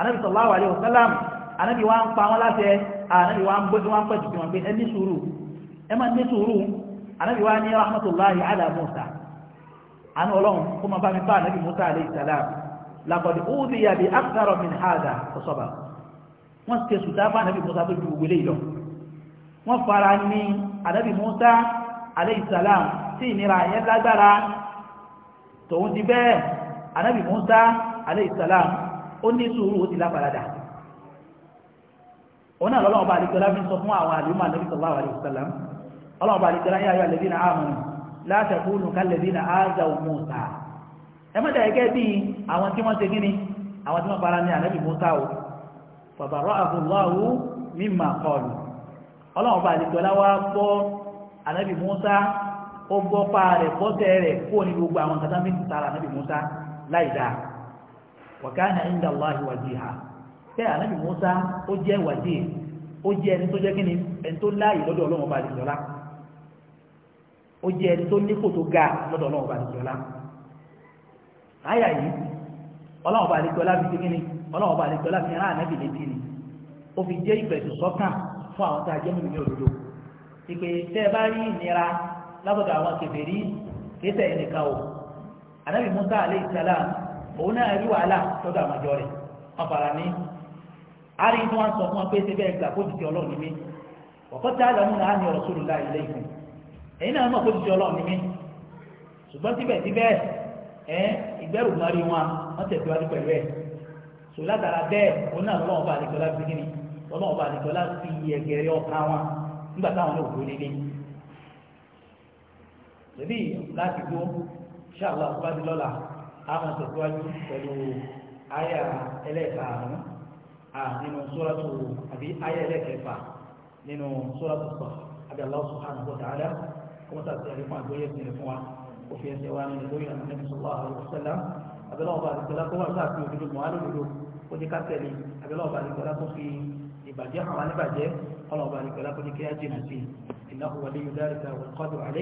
anábì sallallahu alaihi wasallam anábì wá ń pa wọn láti anábì wá ń gbé wọn pẹ̀jù tí wọn gbé ẹ ní sùúrù ẹ máa ní sùúrù anábì wá ní rahmatullahi ala musa àánú ọlọ́run kó máa bá mi bá anábì musa alayhi salam laqad udhiya bi akthara min hadha wa sabara wọ́n ti sùtá bá anábì musa tó ju wele lọ wọ́n fara ní anábì musa alayhi salam tí ìnira yẹn lágbára tòun ti bẹ́ẹ̀ anábì musa alayhi salam ó ní sùúrù ó ti láparadà òun náà lọ́lọ́wọ́ bá àlejò láfi ń sọ fún àwọn àlùmọ́ àlejò sallallahu alaihi wasallam ọlọ́wọ́ bá àlejò na ayé àlejò náà àmọ́ la takunu kálẹ̀bí náà ẹ mọ́ta ẹ̀kẹ́ bí àwọn tí wọ́n ṣe gíní àwọn tí fara ní o fa bara'ahu wàkánà inda Allahi wajiha tẹ́ ànábì Musa ó jẹ́ wàjì ó jẹ́ ẹni tó jẹ́ kí ni ẹni tó láàyè lọ́dọ̀ ọlọ́run ọba àdìjọ́lá ó jẹ́ ẹni tó nípò tó ga lọ́dọ̀ ọlọ́run ọba àdìjọ́lá àyà yìí ọlọ́run ọba àdìjọ́lá fi kí ni ọlọ́run ọba àdìjọ́lá fi rán ànábì létí ni ó fi jẹ́ ìfẹ̀sùn sọ́kàn fún àwọn tá a jẹ́ mímí òdodo ìpè tẹ́ ẹ bá rí ìnira látọ̀dọ̀ àwọn kèfèrí kéṣẹ̀ ẹnìkan o ànábì Musa alayhi salam òun náà rí wàhálà sọ́dọ̀ àmàjọ rẹ̀ wọ́n fara ní. àárín tí wọ́n sọ fún wọn pé ṣe bẹ́ẹ̀ gbà kó ọlọ́run ní mí ọ̀kọ́ tí àlọ́ múna á ní ọ̀rọ̀ sórí láì lé ìfún ẹ̀yin náà mọ̀ ọlọ́run ní mí ṣùgbọ́n ìgbẹ́rù mọ́rí wọn wọ́n tẹ̀síwájú pẹ̀lú ẹ̀ látara bẹ́ẹ̀ òun náà bá a máa tẹ̀síwájú pẹ̀lú àyà ẹlẹ́ẹ̀karùn-ún nínú sóràtù àbí àyà ẹlẹ́ẹ̀kẹfà nínú sóràtù sọ̀ àbí Allah subhanahu wa ta'ala kọ́mọ́ tàbí àríkún àgbóyè ìpínlẹ̀ fún wa ó fi ẹsẹ̀ wa nínú lórí àwọn ẹni sọ̀rọ̀ àwọn ìṣẹ̀lá àbẹ̀lẹ̀ ọba àdìsẹ́lá tó wà láàfin òdodo mọ̀hálò òdodo ó ti kásẹ̀lì àbẹ̀lẹ̀ ọba àdìsẹ́lá tó fi ìbàjẹ́ àwọn àníbàjẹ́ ọlọ́ọ̀ba àdìsẹ́lá tó ní kí á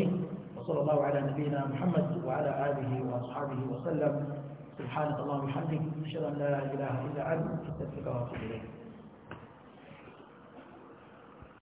وصلى الله على نبينا محمد وعلى آله وأصحابه وسلم سبحانك اللهم وبحمدك أشهد أن لا إله إلا أنت أستغفرك وأتوب إليك